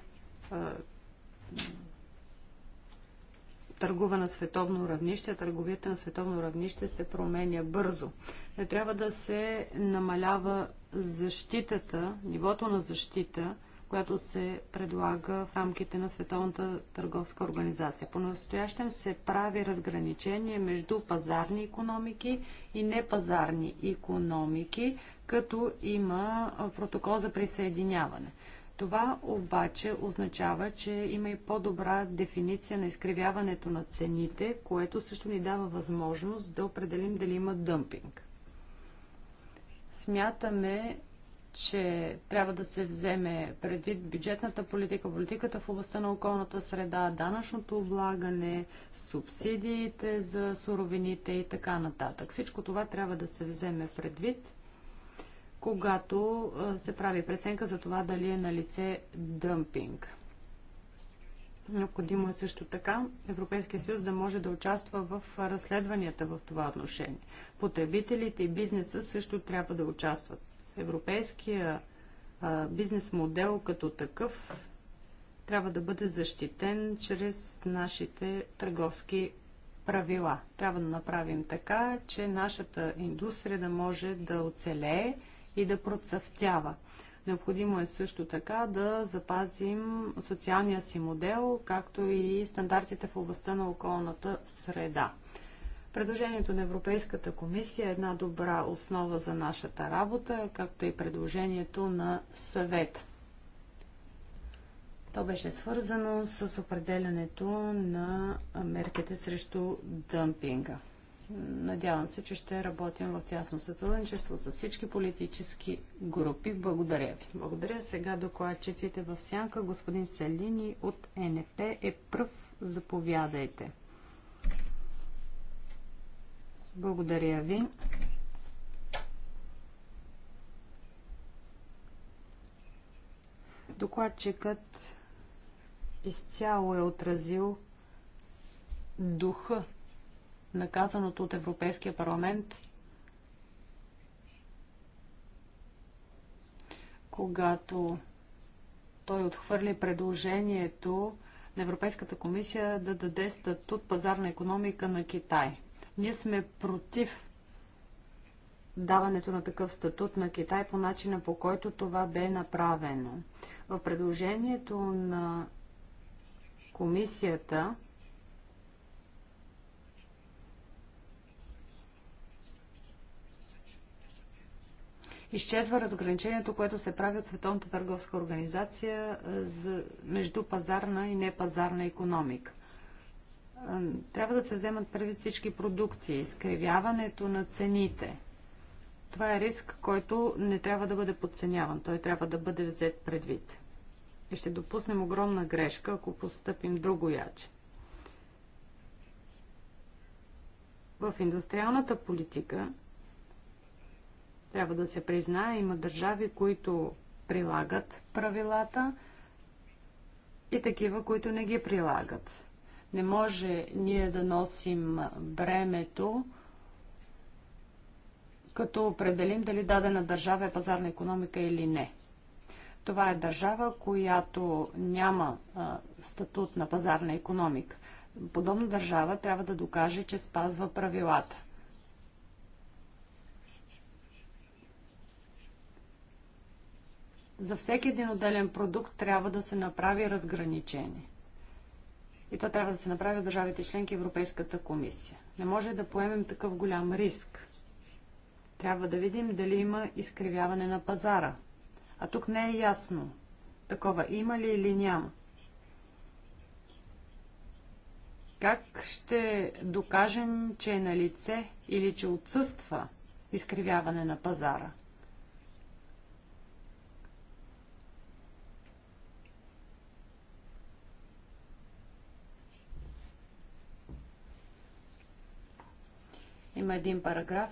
търгува на световно равнище, търговията на световно равнище се променя бързо. Не трябва да се намалява защитата, нивото на защита, която се предлага в рамките на Световната търговска организация. По-настоящем се прави разграничение между пазарни економики и непазарни економики, като има протокол за присъединяване. Това обаче означава, че има и по-добра дефиниция на изкривяването на цените, което също ни дава възможност да определим дали има дъмпинг. Смятаме, че трябва да се вземе предвид бюджетната политика, политиката в областта на околната среда, данъчното облагане, субсидиите за суровините и така нататък. Всичко това трябва да се вземе предвид – когато се прави преценка за това дали е на лице дъмпинг. Необходимо е също така Европейския съюз да може да участва в разследванията в това отношение. Потребителите и бизнеса също трябва да участват. Европейския бизнес модел като такъв трябва да бъде защитен чрез нашите търговски правила. Трябва да направим така, че нашата индустрия да може да оцелее и да процъфтява. Необходимо е също така да запазим социалния си модел, както и стандартите в областта на околната среда. Предложението на Европейската комисия е една добра основа за нашата работа, както и предложението на съвета. То беше свързано с определянето на мерките срещу дъмпинга. Надявам се, че ще работим в тясно сътрудничество с всички политически групи. Благодаря ви. Благодаря сега докладчиците в сянка. Господин Селини от НП е пръв. Заповядайте. Благодаря ви. Докладчикът изцяло е отразил духа наказаното от Европейския парламент, когато той отхвърли предложението на Европейската комисия да даде статут пазарна економика на Китай. Ние сме против даването на такъв статут на Китай по начина по който това бе направено. В предложението на комисията изчезва разграничението, което се прави от Световната търговска организация за, между пазарна и непазарна економика. Трябва да се вземат преди всички продукти, изкривяването на цените. Това е риск, който не трябва да бъде подценяван. Той трябва да бъде взет предвид. И ще допуснем огромна грешка, ако постъпим друго яче. В индустриалната политика трябва да се признае, има държави, които прилагат правилата и такива, които не ги прилагат. Не може ние да носим бремето, като определим дали дадена държава е пазарна економика или не. Това е държава, която няма а, статут на пазарна економика. Подобна държава трябва да докаже, че спазва правилата. за всеки един отделен продукт трябва да се направи разграничение. И то трябва да се направи от държавите членки Европейската комисия. Не може да поемем такъв голям риск. Трябва да видим дали има изкривяване на пазара. А тук не е ясно. Такова има ли или няма. Как ще докажем, че е на лице или че отсъства изкривяване на пазара? Има един параграф,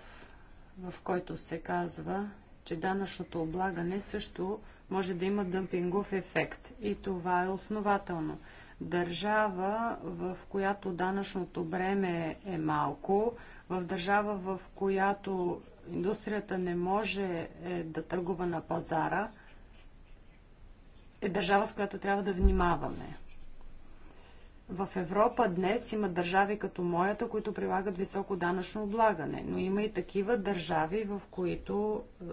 в който се казва, че данъчното облагане също може да има дъмпингов ефект. И това е основателно. Държава, в която данъчното бреме е малко, в държава, в която индустрията не може е, да търгува на пазара, е държава, с която трябва да внимаваме. В Европа днес има държави като моята, които прилагат високо данъчно облагане, но има и такива държави, в които е,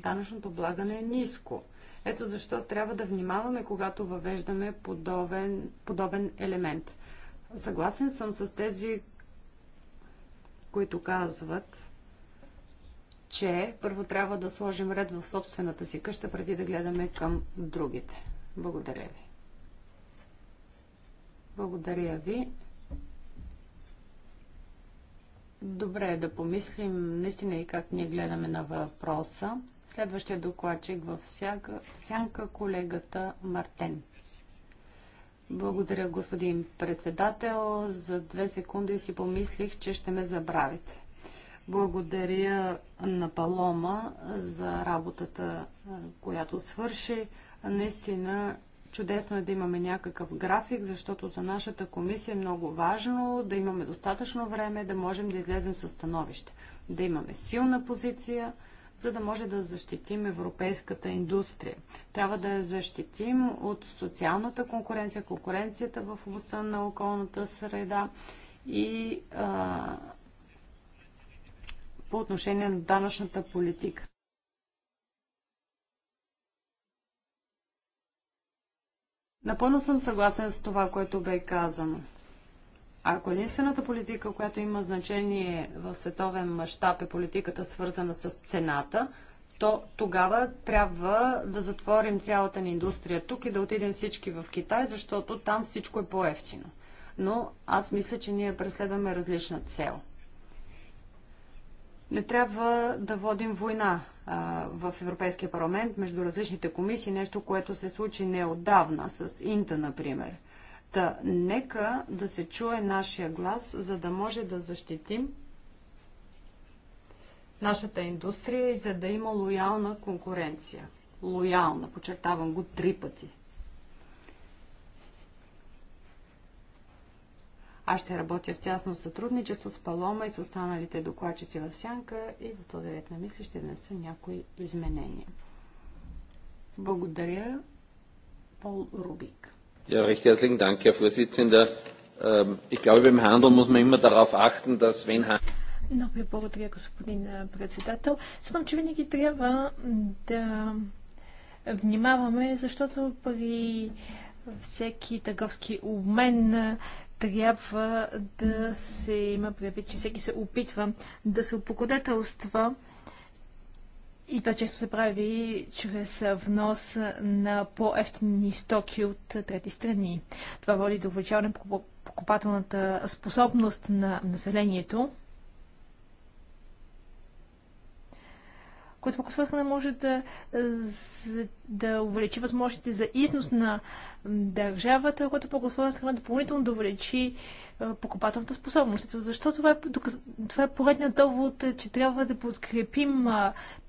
данъчното облагане е ниско. Ето защо трябва да внимаваме, когато въвеждаме подобен, подобен елемент. Съгласен съм с тези, които казват, че първо трябва да сложим ред в собствената си къща, преди да гледаме към другите. Благодаря ви. Благодаря ви. Добре е да помислим наистина и как ние гледаме на въпроса. Следващия докладчик в сяга, сянка колегата Мартен. Благодаря, господин председател. За две секунди си помислих, че ще ме забравите. Благодаря на Палома за работата, която свърши. Наистина Чудесно е да имаме някакъв график, защото за нашата комисия е много важно да имаме достатъчно време, да можем да излезем със становище, да имаме силна позиция, за да може да защитим европейската индустрия. Трябва да я защитим от социалната конкуренция, конкуренцията в областта на околната среда и а, по отношение на данъчната политика. Напълно съм съгласен с това, което бе казано. Ако единствената политика, която има значение в световен мащаб е политиката свързана с цената, то тогава трябва да затворим цялата ни индустрия тук и да отидем всички в Китай, защото там всичко е по-ефтино. Но аз мисля, че ние преследваме различна цел – не трябва да водим война в Европейския парламент между различните комисии, нещо, което се случи неодавна с Инта, например. Та, нека да се чуе нашия глас, за да може да защитим нашата индустрия и за да има лоялна конкуренция. Лоялна, подчертавам го три пъти. Аз ще работя в тясно сътрудничество с Палома и с останалите докладчици в Сянка и в този ред на мисли ще внеса някои изменения. Благодаря, Пол Рубик. Ja, recht herzlichen Dank, Herr Vorsitzender. Ähm, ich glaube, beim Handel muss man immer darauf achten, dass wenn Много ви благодаря, господин председател. Знам, че винаги трябва да внимаваме, защото при всеки търговски обмен трябва да се има предвид, че всеки се опитва да се опокодетелства и това често се прави чрез внос на по-ефтини стоки от трети страни. Това води до увеличаване на покупателната способност на населението което пък свързване може да, е, да увеличи възможностите за износ на държавата, което пък от своя допълнително да увеличи е, покупателната способност. Защо това е, това е поредният довод, е, че трябва да подкрепим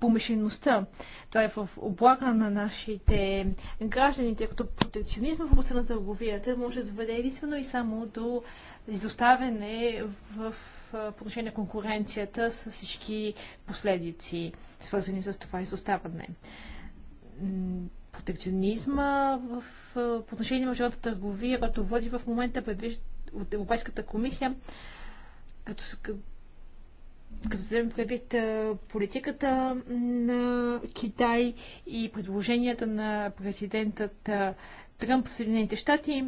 помешеността. Това е в облака на нашите граждани, тъй като протекционизма в областта на търговията може да доведе единствено и само до изоставяне в отношение на конкуренцията с всички последици, свързани с това изоставане. Протекционизма в отношение на международната търговия, която води в момента предвижда от Европейската комисия, като, като вземем предвид политиката на Китай и предложенията на президентът Тръмп в Съединените щати,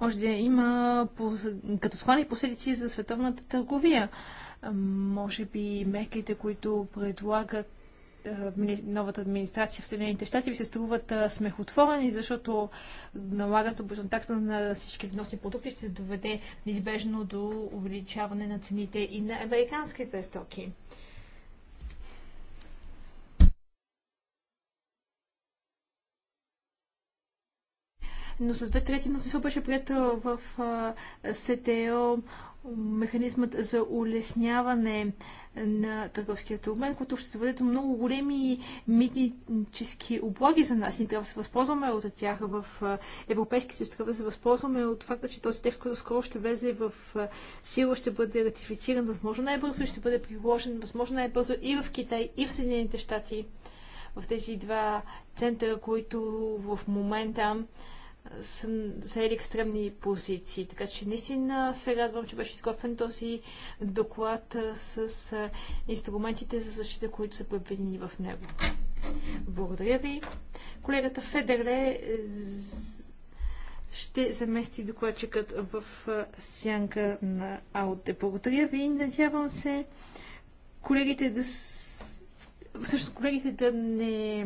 може да има катастрофални последици за световната търговия. Може би мерките, които предлагат новата администрация в Съединените щати ви се струват смехотворени, защото налагането обичам такса на всички вносни продукти ще доведе неизбежно до увеличаване на цените и на американските стоки. но с две трети мнозинство беше прието в СТО механизмът за улесняване на търговският обмен, който ще доведе до много големи митнически облаги за нас. Ние трябва да се възползваме от тях в Европейски съюз, трябва да се възползваме от факта, че този текст, който скоро ще влезе в сила, ще бъде ратифициран възможно най-бързо, ще бъде приложен възможно най-бързо и в Китай, и в Съединените щати, в тези два центъра, които в момента са заели екстремни позиции. Така че наистина се радвам, че беше изготвен този доклад с инструментите за защита, които са предвидени в него. Благодаря ви. Колегата Федерле е, ще замести докладчикът в сянка на Ауте. Благодаря ви. Надявам се колегите да... Всъщност колегите да не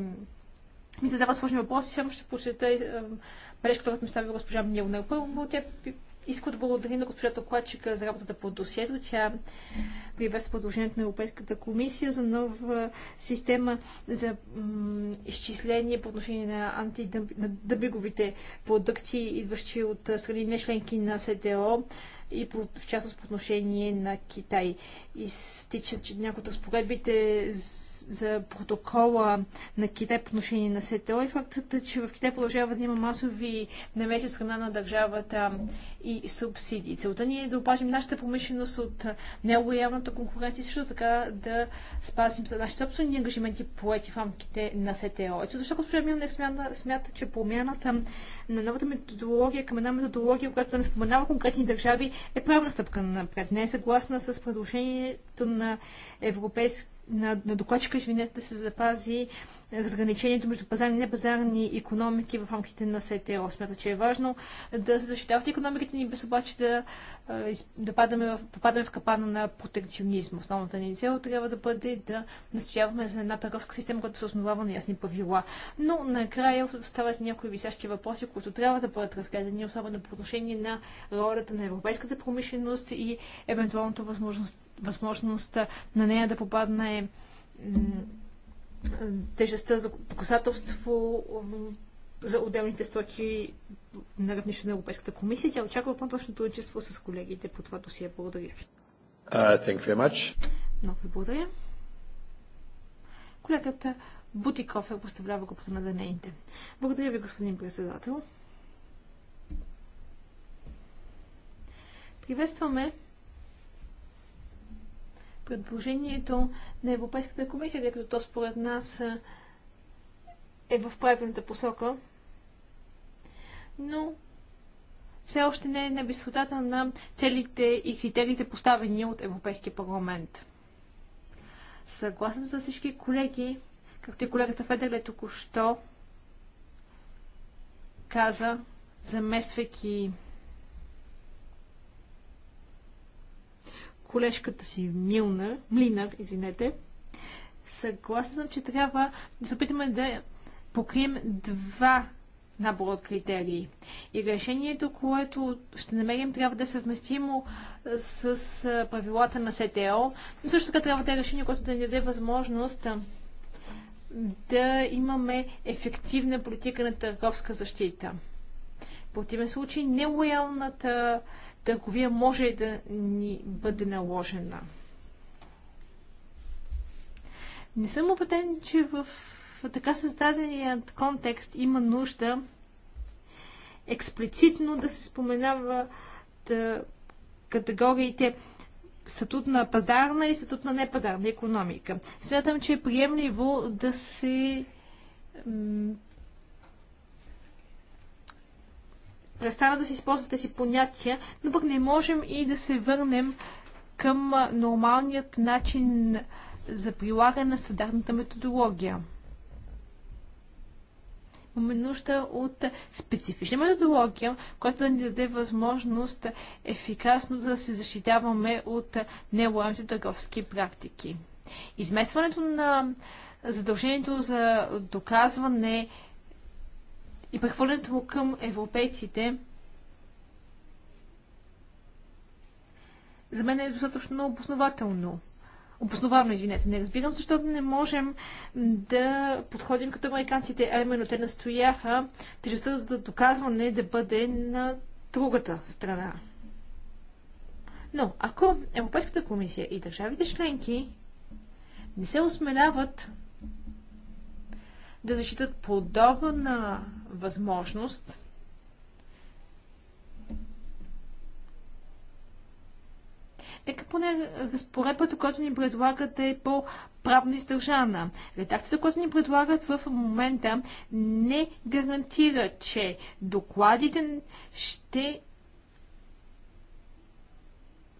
ми задават сложни въпроси. Само ще прочета бележка, която ми стави госпожа Милна. Първо, тя иска да благодари на госпожа Токладчика за работата по досието. Тя приветства продължението на Европейската комисия за нова система за изчисление по отношение на антидъбиговите продукти, идващи от страни не членки на СТО и по, в частност по отношение на Китай. Изтичат, че някои от разпоредбите за протокола на Китай по отношение на СТО и фактът, че в Китай продължава да има масови намеси от страна на държавата и субсидии. Целта ни е да опазим нашата промишленост от нелоялната конкуренция и също така да спазим за нашите собствени ангажименти поети в рамките на СТО. Ето защо госпожа Милнев смята, смята, че промяната на новата методология към една методология, която не споменава конкретни държави, е правна стъпка напред. Не е съгласна с предложението на Европейския на, на докладчика, извинете, да се запази разграничението между пазарни и непазарни економики в рамките на СТО. Смята, че е важно да се защитават економиките ни, без обаче да, да падаме в, попадаме в капана на протекционизм. Основната ни цел трябва да бъде да настояваме за една търговска система, която се основава на ясни правила. Но накрая остават някои висящи въпроси, които трябва да бъдат разгледани, особено по отношение на ролята на европейската промишленост и евентуалната възможност, възможност на нея да попадне тежестта за доказателство за отделните стоки на равнището на Европейската комисия. Тя очаква по-точното отчество с колегите по това досие. Благодаря ви. Много ви благодаря. Колегата Бутиков е поставлява групата на занените. Благодаря ви, господин председател. Приветстваме предложението на Европейската комисия, тъй като то според нас е в правилната посока. Но все още не е на висотата на целите и критериите поставени от Европейския парламент. Съгласен с всички колеги, както и колегата Федерле току-що каза, замесвайки колежката си Милнар, Млинар, извинете, съгласна съм, че трябва да се опитаме да покрием два набора от критерии. И решението, което ще намерим, трябва да е съвместимо с правилата на СТО, но също така трябва да е решение, което да ни даде възможност да имаме ефективна политика на търговска защита. В противен случай, нелоялната търговия може да ни бъде наложена. Не съм убеден, че в така създаденият контекст има нужда експлицитно да се споменава да, категориите статут на пазарна или статут на непазарна економика. Смятам, че е приемливо да се престана да се използват тези понятия, но пък не можем и да се върнем към нормалният начин за прилагане на стандартната методология. Имаме нужда от специфична методология, която да ни даде възможност ефикасно да се защитаваме от нелоялните търговски практики. Изместването на задължението за доказване и прехвърлянето му към европейците за мен е достатъчно обоснователно. Обосновавано, извинете. Не разбирам защото не можем да подходим като американците, а именно те настояха тежестта за доказване да бъде на другата страна. Но ако Европейската комисия и държавите членки не се осмеляват да защитат подобна възможност Нека поне разпоредбата, която ни предлагат е по-правно издържана. Редакцията, която ни предлагат в момента, не гарантира, че докладите ще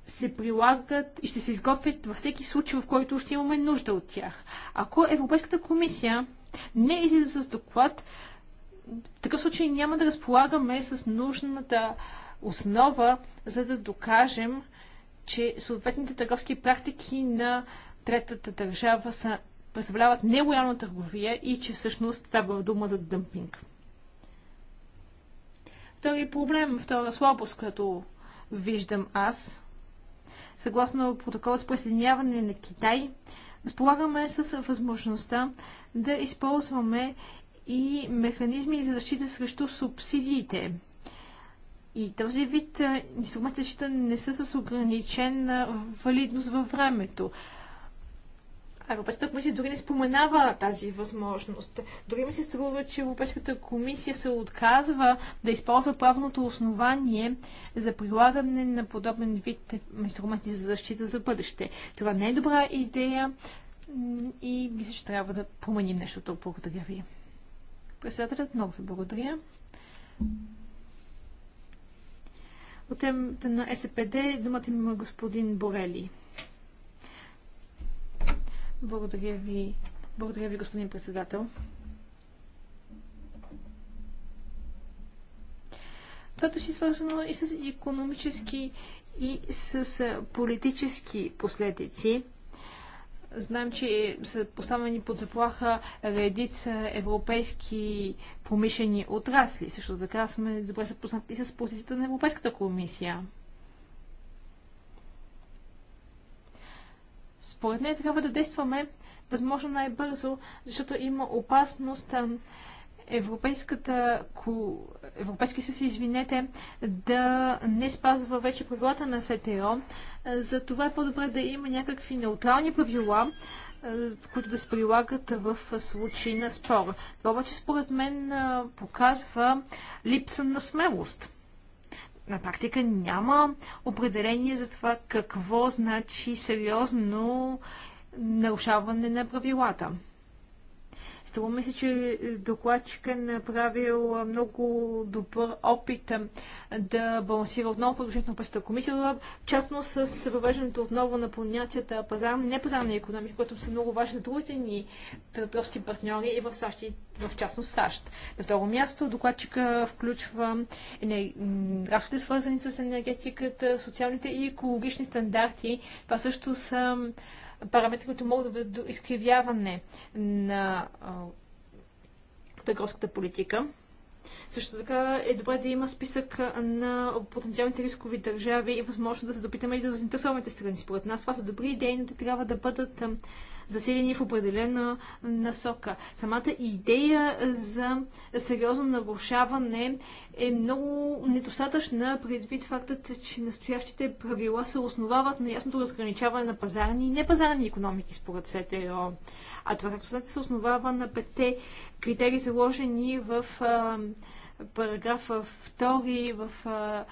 се прилагат и ще се изготвят във всеки случай, в който ще имаме нужда от тях. Ако Европейската комисия не излиза с доклад, в такъв случай няма да разполагаме с нужната основа, за да докажем, че съответните търговски практики на третата държава са, представляват нелоялна търговия и че всъщност става дума за дъмпинг. Втори проблем, втора слабост, която виждам аз, съгласно протокола с присъединяване на Китай, разполагаме с възможността да използваме и механизми за защита срещу субсидиите. И този вид инструменти защита не са с ограничена валидност във времето. Европейската комисия дори не споменава тази възможност. Дори ми се струва, че Европейската комисия се отказва да използва правното основание за прилагане на подобен вид инструменти за защита за бъдеще. Това не е добра идея и мисля, че трябва да променим нещото. Благодаря ви. Председателят, много ви благодаря. От темата на СПД думата има господин Борели. Благодаря ви, благодаря ви господин председател. Това е свързано и с економически, и с политически последици. Знаем, че са поставени под заплаха редица европейски промишлени отрасли. Също така сме добре запознати и с позицията на Европейската комисия. Според мен трябва да действаме възможно най-бързо, защото има опасност Европейската, Европейски съюз, извинете, да не спазва вече правилата на СТО. За това е по-добре да има някакви неутрални правила, които да се прилагат в случай на спор. Това обаче според мен показва липса на смелост на практика няма определение за това какво значи сериозно нарушаване на правилата. Струва ми се, че докладчика е направил много добър опит да балансира отново продължението на Пъстата комисия, частно с въвеждането отново на понятията пазарна и непазарна економика, което са много важни за другите ни търговски партньори и в САЩ и в частност САЩ. На второ място докладчика включва разходите свързани с енергетиката, социалните и екологични стандарти. Това също са параметри, които могат да ведат до изкривяване на търговската политика. Също така е добре да има списък на потенциалните рискови държави и възможност да се допитаме и до заинтересованите страни. Според нас това са добри идеи, но те трябва да бъдат засилени в определена насока. Самата идея за сериозно нарушаване е много недостатъчна предвид фактът, че настоящите правила се основават на ясното разграничаване на пазарни и непазарни економики според СТО. А това, както знаете, се основава на петте критерии, заложени в а, параграф 2 в а,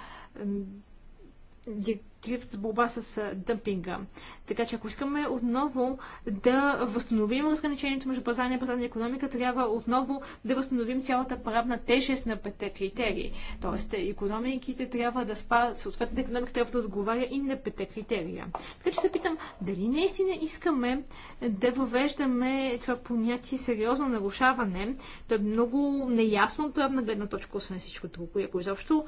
с борба с дъмпинга. Така че ако искаме отново да възстановим разграничението между пазарния и пазарна економика, трябва отново да възстановим цялата правна тежест на петте критерии. Тоест, економиките трябва да спа, съответната економика трябва да отговаря и на петте критерия. Така че се питам, дали наистина искаме да въвеждаме това понятие сериозно нарушаване. То е много неясно от правна гледна точка, освен всичко друго. И ако изобщо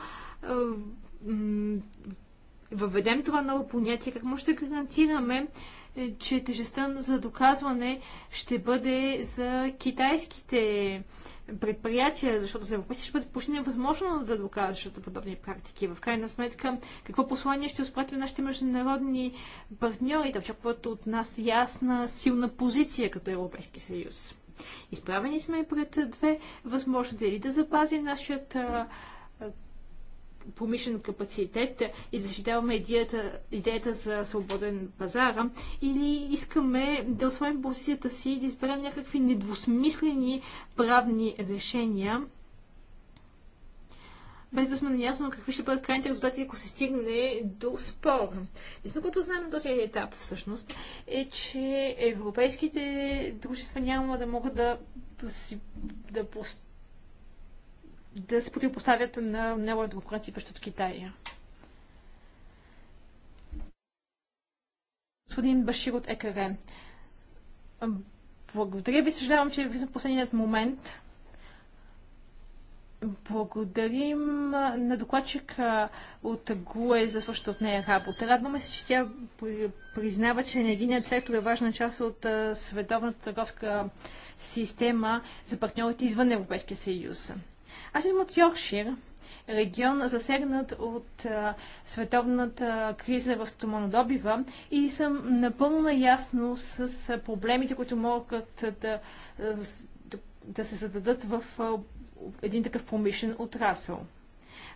въведем това ново понятие, как може да гарантираме, е, че тежестта за доказване ще бъде за китайските предприятия, защото за Европейски ще бъде почти невъзможно да докажат подобни практики. В крайна сметка, какво послание ще изпратим нашите международни партньори да очакват от нас ясна, силна позиция като Европейски съюз? Изправени сме пред две възможности. Или да запазим нашата промишлен капацитет и да защитаваме идеята, идеята за свободен пазар, или искаме да освоим позицията си и да изберем някакви недвусмислени правни решения, без да сме наясно какви ще бъдат крайните резултати, ако се стигне до спор. Единственото, което знаем на този етап всъщност, е, че европейските дружества няма да могат да, да, да се противопоставят на неговата конкуренция от Китая. Господин Башир от ЕКР. Благодаря ви, съжалявам, че влизам в последният момент. Благодарим на докладчика от ГУЕ за свършата от нея работа. Радваме се, че тя признава, че енергийният сектор е важна част от световната търговска система за партньорите извън Европейския съюз. Аз идвам от Йоркшир, регион засегнат от а, световната криза в стоманодобива и съм напълно наясно с а, проблемите, които могат да, да, да се зададат в а, един такъв промишлен отрасъл.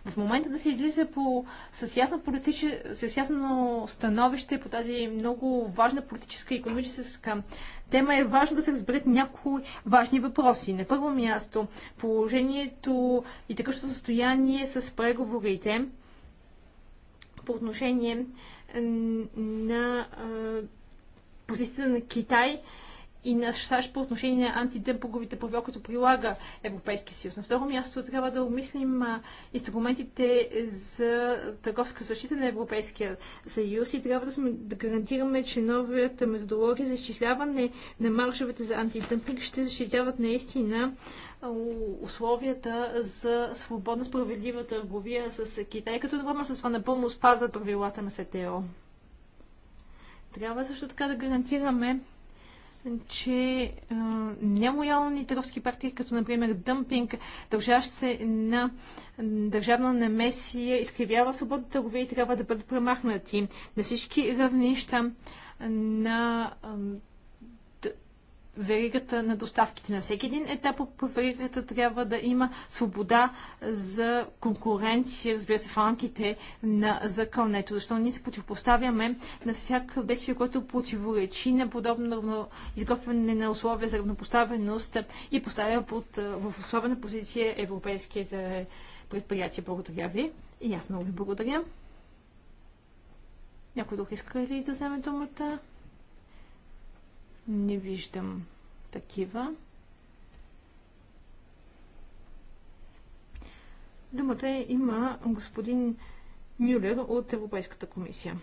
В момента да се излиза по, с, ясно политиче, с ясно становище по тази много важна политическа и економическа тема е важно да се разберат някои важни въпроси. На първо място положението и такъщо състояние с преговорите по отношение на позицията на Китай и на САЩ по отношение на антидемпоговите правила, които прилага Европейския съюз. На второ място трябва да обмислим инструментите за търговска защита на Европейския съюз и трябва да, сме, да гарантираме, че новията методология за изчисляване на маржовете за антидемпинг ще защитяват наистина условията за свободна справедлива търговия с Китай, като едновременно с това напълно спазват правилата на СТО. Трябва също така да гарантираме че а, нелоялни търговски практики, като например дъмпинг, дължащ се на държавна намесия, изкривява свободна търговия и трябва да бъдат премахнати на всички равнища на а, веригата на доставките. На всеки един етап по веригата трябва да има свобода за конкуренция, разбира се, в рамките на закълнето. защо ние се противопоставяме на всяко действие, което противоречи на подобно изготвяне на условия за равнопоставеност и поставя под, в особена позиция европейските предприятия. Благодаря ви. И аз много ви благодаря. Някой друг иска ли да вземе думата? Не виждам такива. Думата има господин Мюлер от Европейската комисия.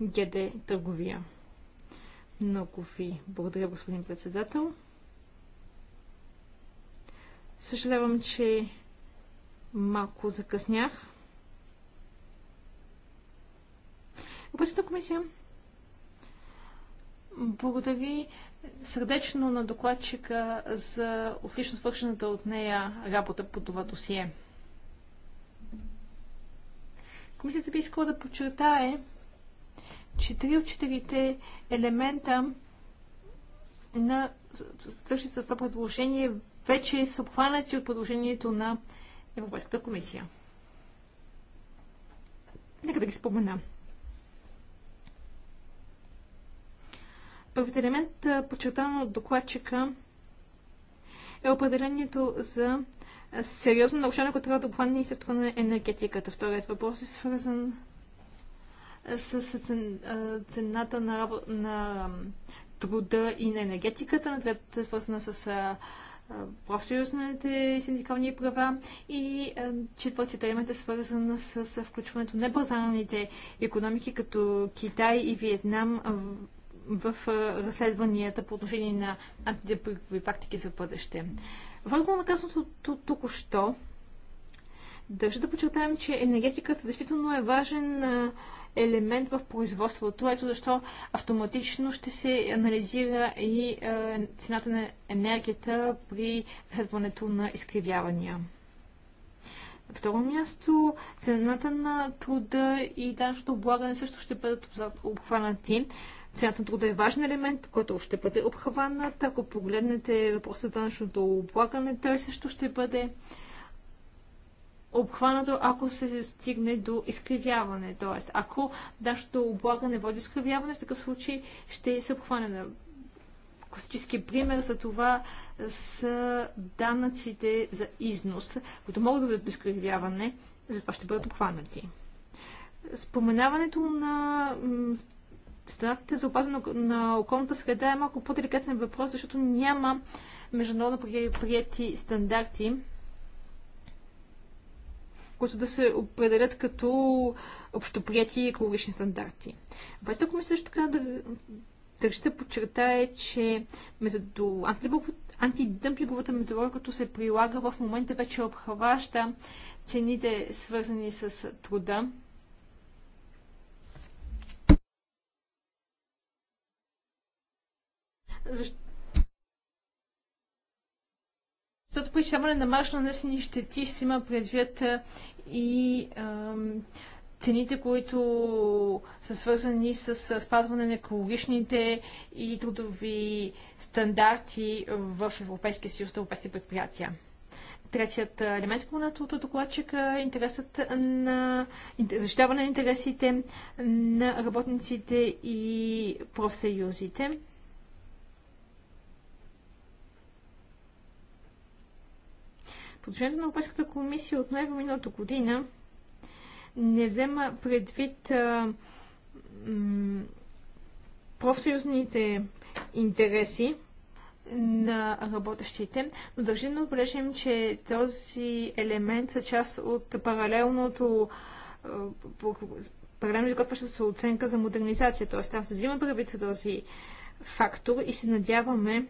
ГД Търговия. Много ви благодаря, господин председател. Съжалявам, че малко закъснях. Европейската комисия Благодари сърдечно на докладчика за отлично свършената от нея работа по това досие. Комисията би искала да подчертае, че три от четирите елемента на съдържащите това предложение вече са обхванати от предложението на Европейската комисия. Нека да ги спомена. Първият елемент, подчертан от докладчика, е определението за сериозно нарушение, което трябва да обхване и сектора на енергетиката. Вторият въпрос е свързан с цената на, на труда и на енергетиката, на третата е свързана с профсъюзните синдикални права и четвъртият елемент е свързан с включването на базарните економики като Китай и Виетнам в разследванията по отношение на антидепресивни практики за бъдеще. В отговор на казаното току-що, държа да подчертаем, че енергетиката действително е важен елемент в производството. Ето защо автоматично ще се анализира и цената на енергията при разследването на изкривявания. Второ място, цената на труда и данъчното облагане също ще бъдат обхванати. Цената на труда е важен елемент, който ще бъде обхванат. Ако погледнете въпроса за данъчното облагане, той също ще бъде обхванато, ако се стигне до изкривяване. Тоест, ако данъчното облагане води изкривяване, в такъв случай ще се обхване на класически пример за това са данъците за износ, които могат да бъдат до изкривяване, затова ще бъдат обхванати. Споменаването на стандартите за опазване на околната среда е малко по-деликатен въпрос, защото няма международно прияти стандарти, които да се определят като общоприяти екологични стандарти. Обаче, ако ми също така да държа да подчертая, че методо... антидъмпинговата методология, която се прилага в момента, вече обхваща цените, свързани с труда, Защо? Защото причиняване на марш нанесени щети ще има предвид и ам, цените, които са свързани с спазване на екологичните и трудови стандарти в Европейския съюз, в европейските предприятия. Третият елемент, споменат от докладчика, е интересът на защитаване на интересите на работниците и профсъюзите. Предложението на Европейската комисия от ноември миналата година не взема предвид а, профсъюзните интереси на работещите, но държим да отбележим, че този елемент са част от паралелното паралелно докопваща се оценка за модернизация. Т.е. там се взима предвид този фактор и се надяваме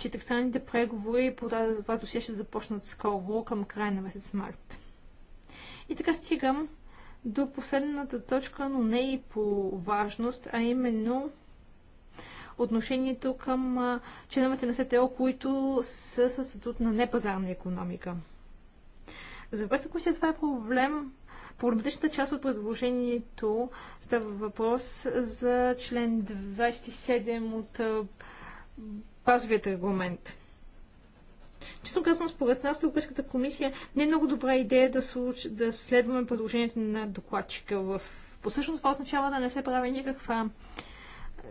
че тристранните преговори по това досия ще започнат скоро, към края на месец март. И така стигам до последната точка, но не и по важност, а именно отношението към членовете на СТО, които са със статут на непазарна економика. За Европейската комисия това е проблем. Проблематичната част от предложението става въпрос за член 27 от базовият регламент. Честно казвам, според нас Европейската комисия не е много добра идея да, случ... да следваме предложението на докладчика. В... По същност това означава да не се прави никаква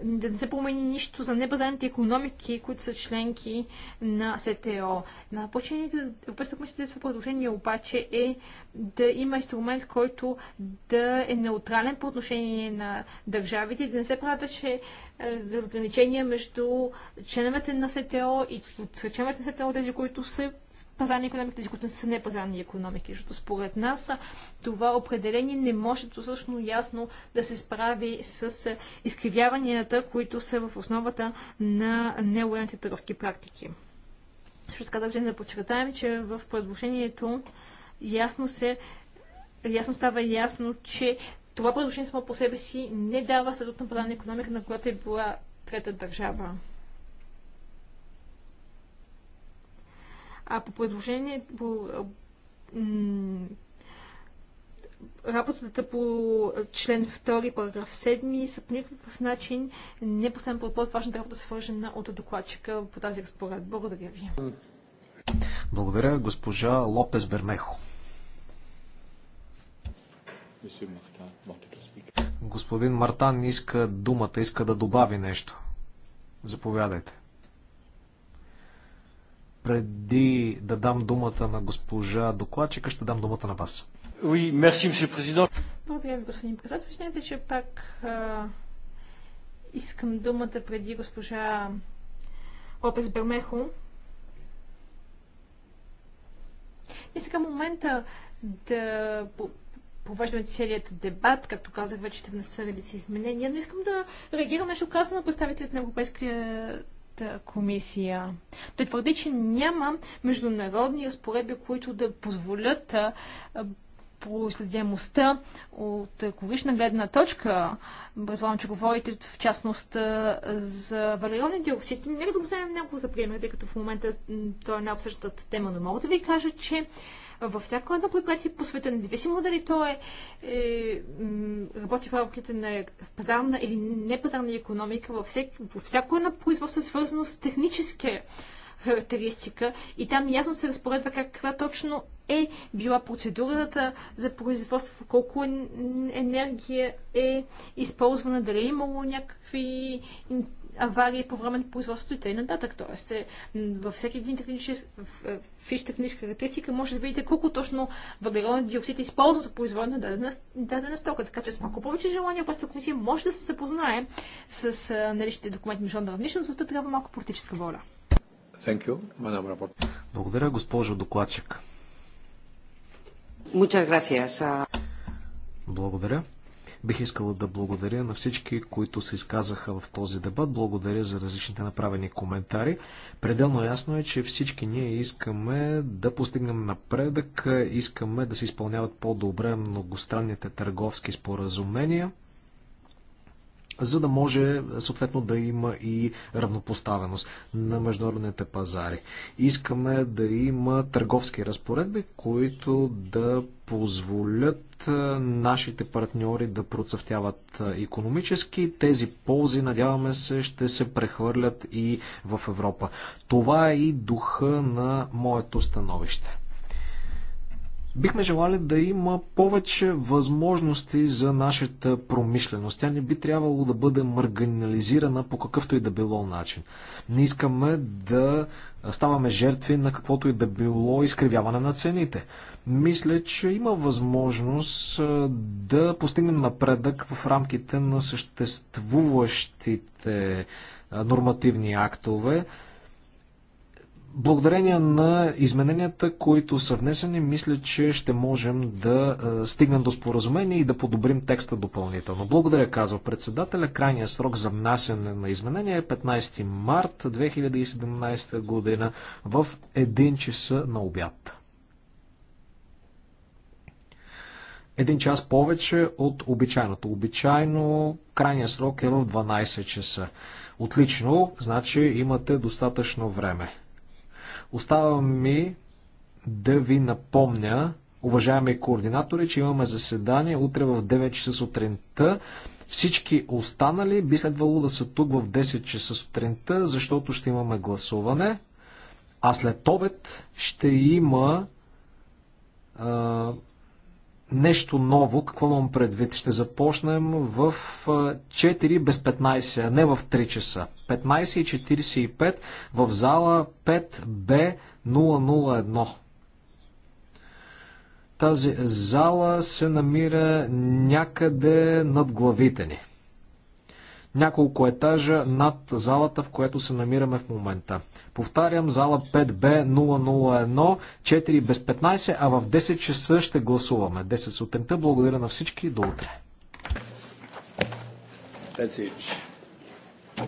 да не се промени нищо за небазарните економики, които са членки на СТО. На почините Европейската комисия това предложение обаче е да има инструмент, който да е неутрален по отношение на държавите, да не се правят вече е, разграничения между членовете на СТО и от членовете на СТО, тези, които са пазарни економики, тези, които не са непазарни економики. Защото според нас това определение не може достатъчно ясно да се справи с изкривяванията, които са в основата на нелоялните търговски практики. Също така държим да подчертаем, че в предложението ясно се ясно става ясно, че това предложение само по себе си не дава следот на пазарна економика, на която е била трета държава. А по предложение, по работата по член 2, параграф 7 са по никакъв начин не поставям под по-важната работа, свържена от докладчика по тази разпоред. Благодаря ви. Благодаря, госпожа Лопес Бермехо. Господин Мартан иска думата, иска да добави нещо. Заповядайте. Преди да дам думата на госпожа докладчика, ще дам думата на вас. Oui, merci, Благодаря ви, господин председател. Знаете, че пак а, искам думата преди госпожа Лопес Бермехо. И сега момента да провеждаме целият дебат. Както казах, вече ще внеса си изменения, но искам да реагирам нещо казано на представителят на Европейския комисия. Той твърди, че няма международни разпоредби, които да позволят проследяемостта от екологична гледна точка. Предполагам, че говорите в частност за валерионен диоксид. Нека да го вземем няколко за пример, тъй като в момента това е най обсъщата тема, но мога да ви кажа, че във всяко едно предприятие по света, независимо дали то е, е работи в рамките на пазарна или непазарна економика, във, всек, във всяко едно производство е свързано с технически характеристика и там ясно се разпоредва каква точно е била процедурата за производство, колко енергия е използвана, дали е имало някакви аварии по време на производството и т.н. Тоест, е, във всеки един технически е, фиш техническа характеристика може да видите колко точно въглероден диоксид е за производство на дадена, дадена стока. Така че с малко повече желание, просто комисия може да се запознае с е, наличните документи международно равнище, защото трябва малко политическа воля. Thank you, Madam Благодаря, госпожо докладчик. Благодаря. Бих искала да благодаря на всички, които се изказаха в този дебат. Благодаря за различните направени коментари. Пределно ясно е, че всички ние искаме да постигнем напредък, искаме да се изпълняват по-добре многостранните търговски споразумения за да може съответно да има и равнопоставеност на международните пазари. Искаме да има търговски разпоредби, които да позволят нашите партньори да процъфтяват економически. Тези ползи, надяваме се, ще се прехвърлят и в Европа. Това е и духа на моето становище. Бихме желали да има повече възможности за нашата промишленост. Тя не би трябвало да бъде маргинализирана по какъвто и да било начин. Не искаме да ставаме жертви на каквото и да било изкривяване на цените. Мисля, че има възможност да постигнем напредък в рамките на съществуващите нормативни актове. Благодарение на измененията, които са внесени, мисля, че ще можем да е, стигнем до споразумение и да подобрим текста допълнително. Благодаря, казва председателя. Крайният срок за внасяне на изменения е 15 март 2017 година в 1 часа на обяд. Един час повече от обичайното. Обичайно крайният срок е в 12 часа. Отлично, значи имате достатъчно време. Остава ми да ви напомня, уважаеми координатори, че имаме заседание утре в 9 часа сутринта. Всички останали би следвало да са тук в 10 часа сутринта, защото ще имаме гласуване. А след обед ще има нещо ново, какво имам предвид? Ще започнем в 4 без 15, а не в 3 часа. 15.45 в зала 5B001. Тази зала се намира някъде над главите ни няколко етажа над залата, в която се намираме в момента. Повтарям, зала 5B001, 4 без 15, а в 10 часа ще гласуваме. 10 сутринта. Благодаря на всички. До утре. That's it.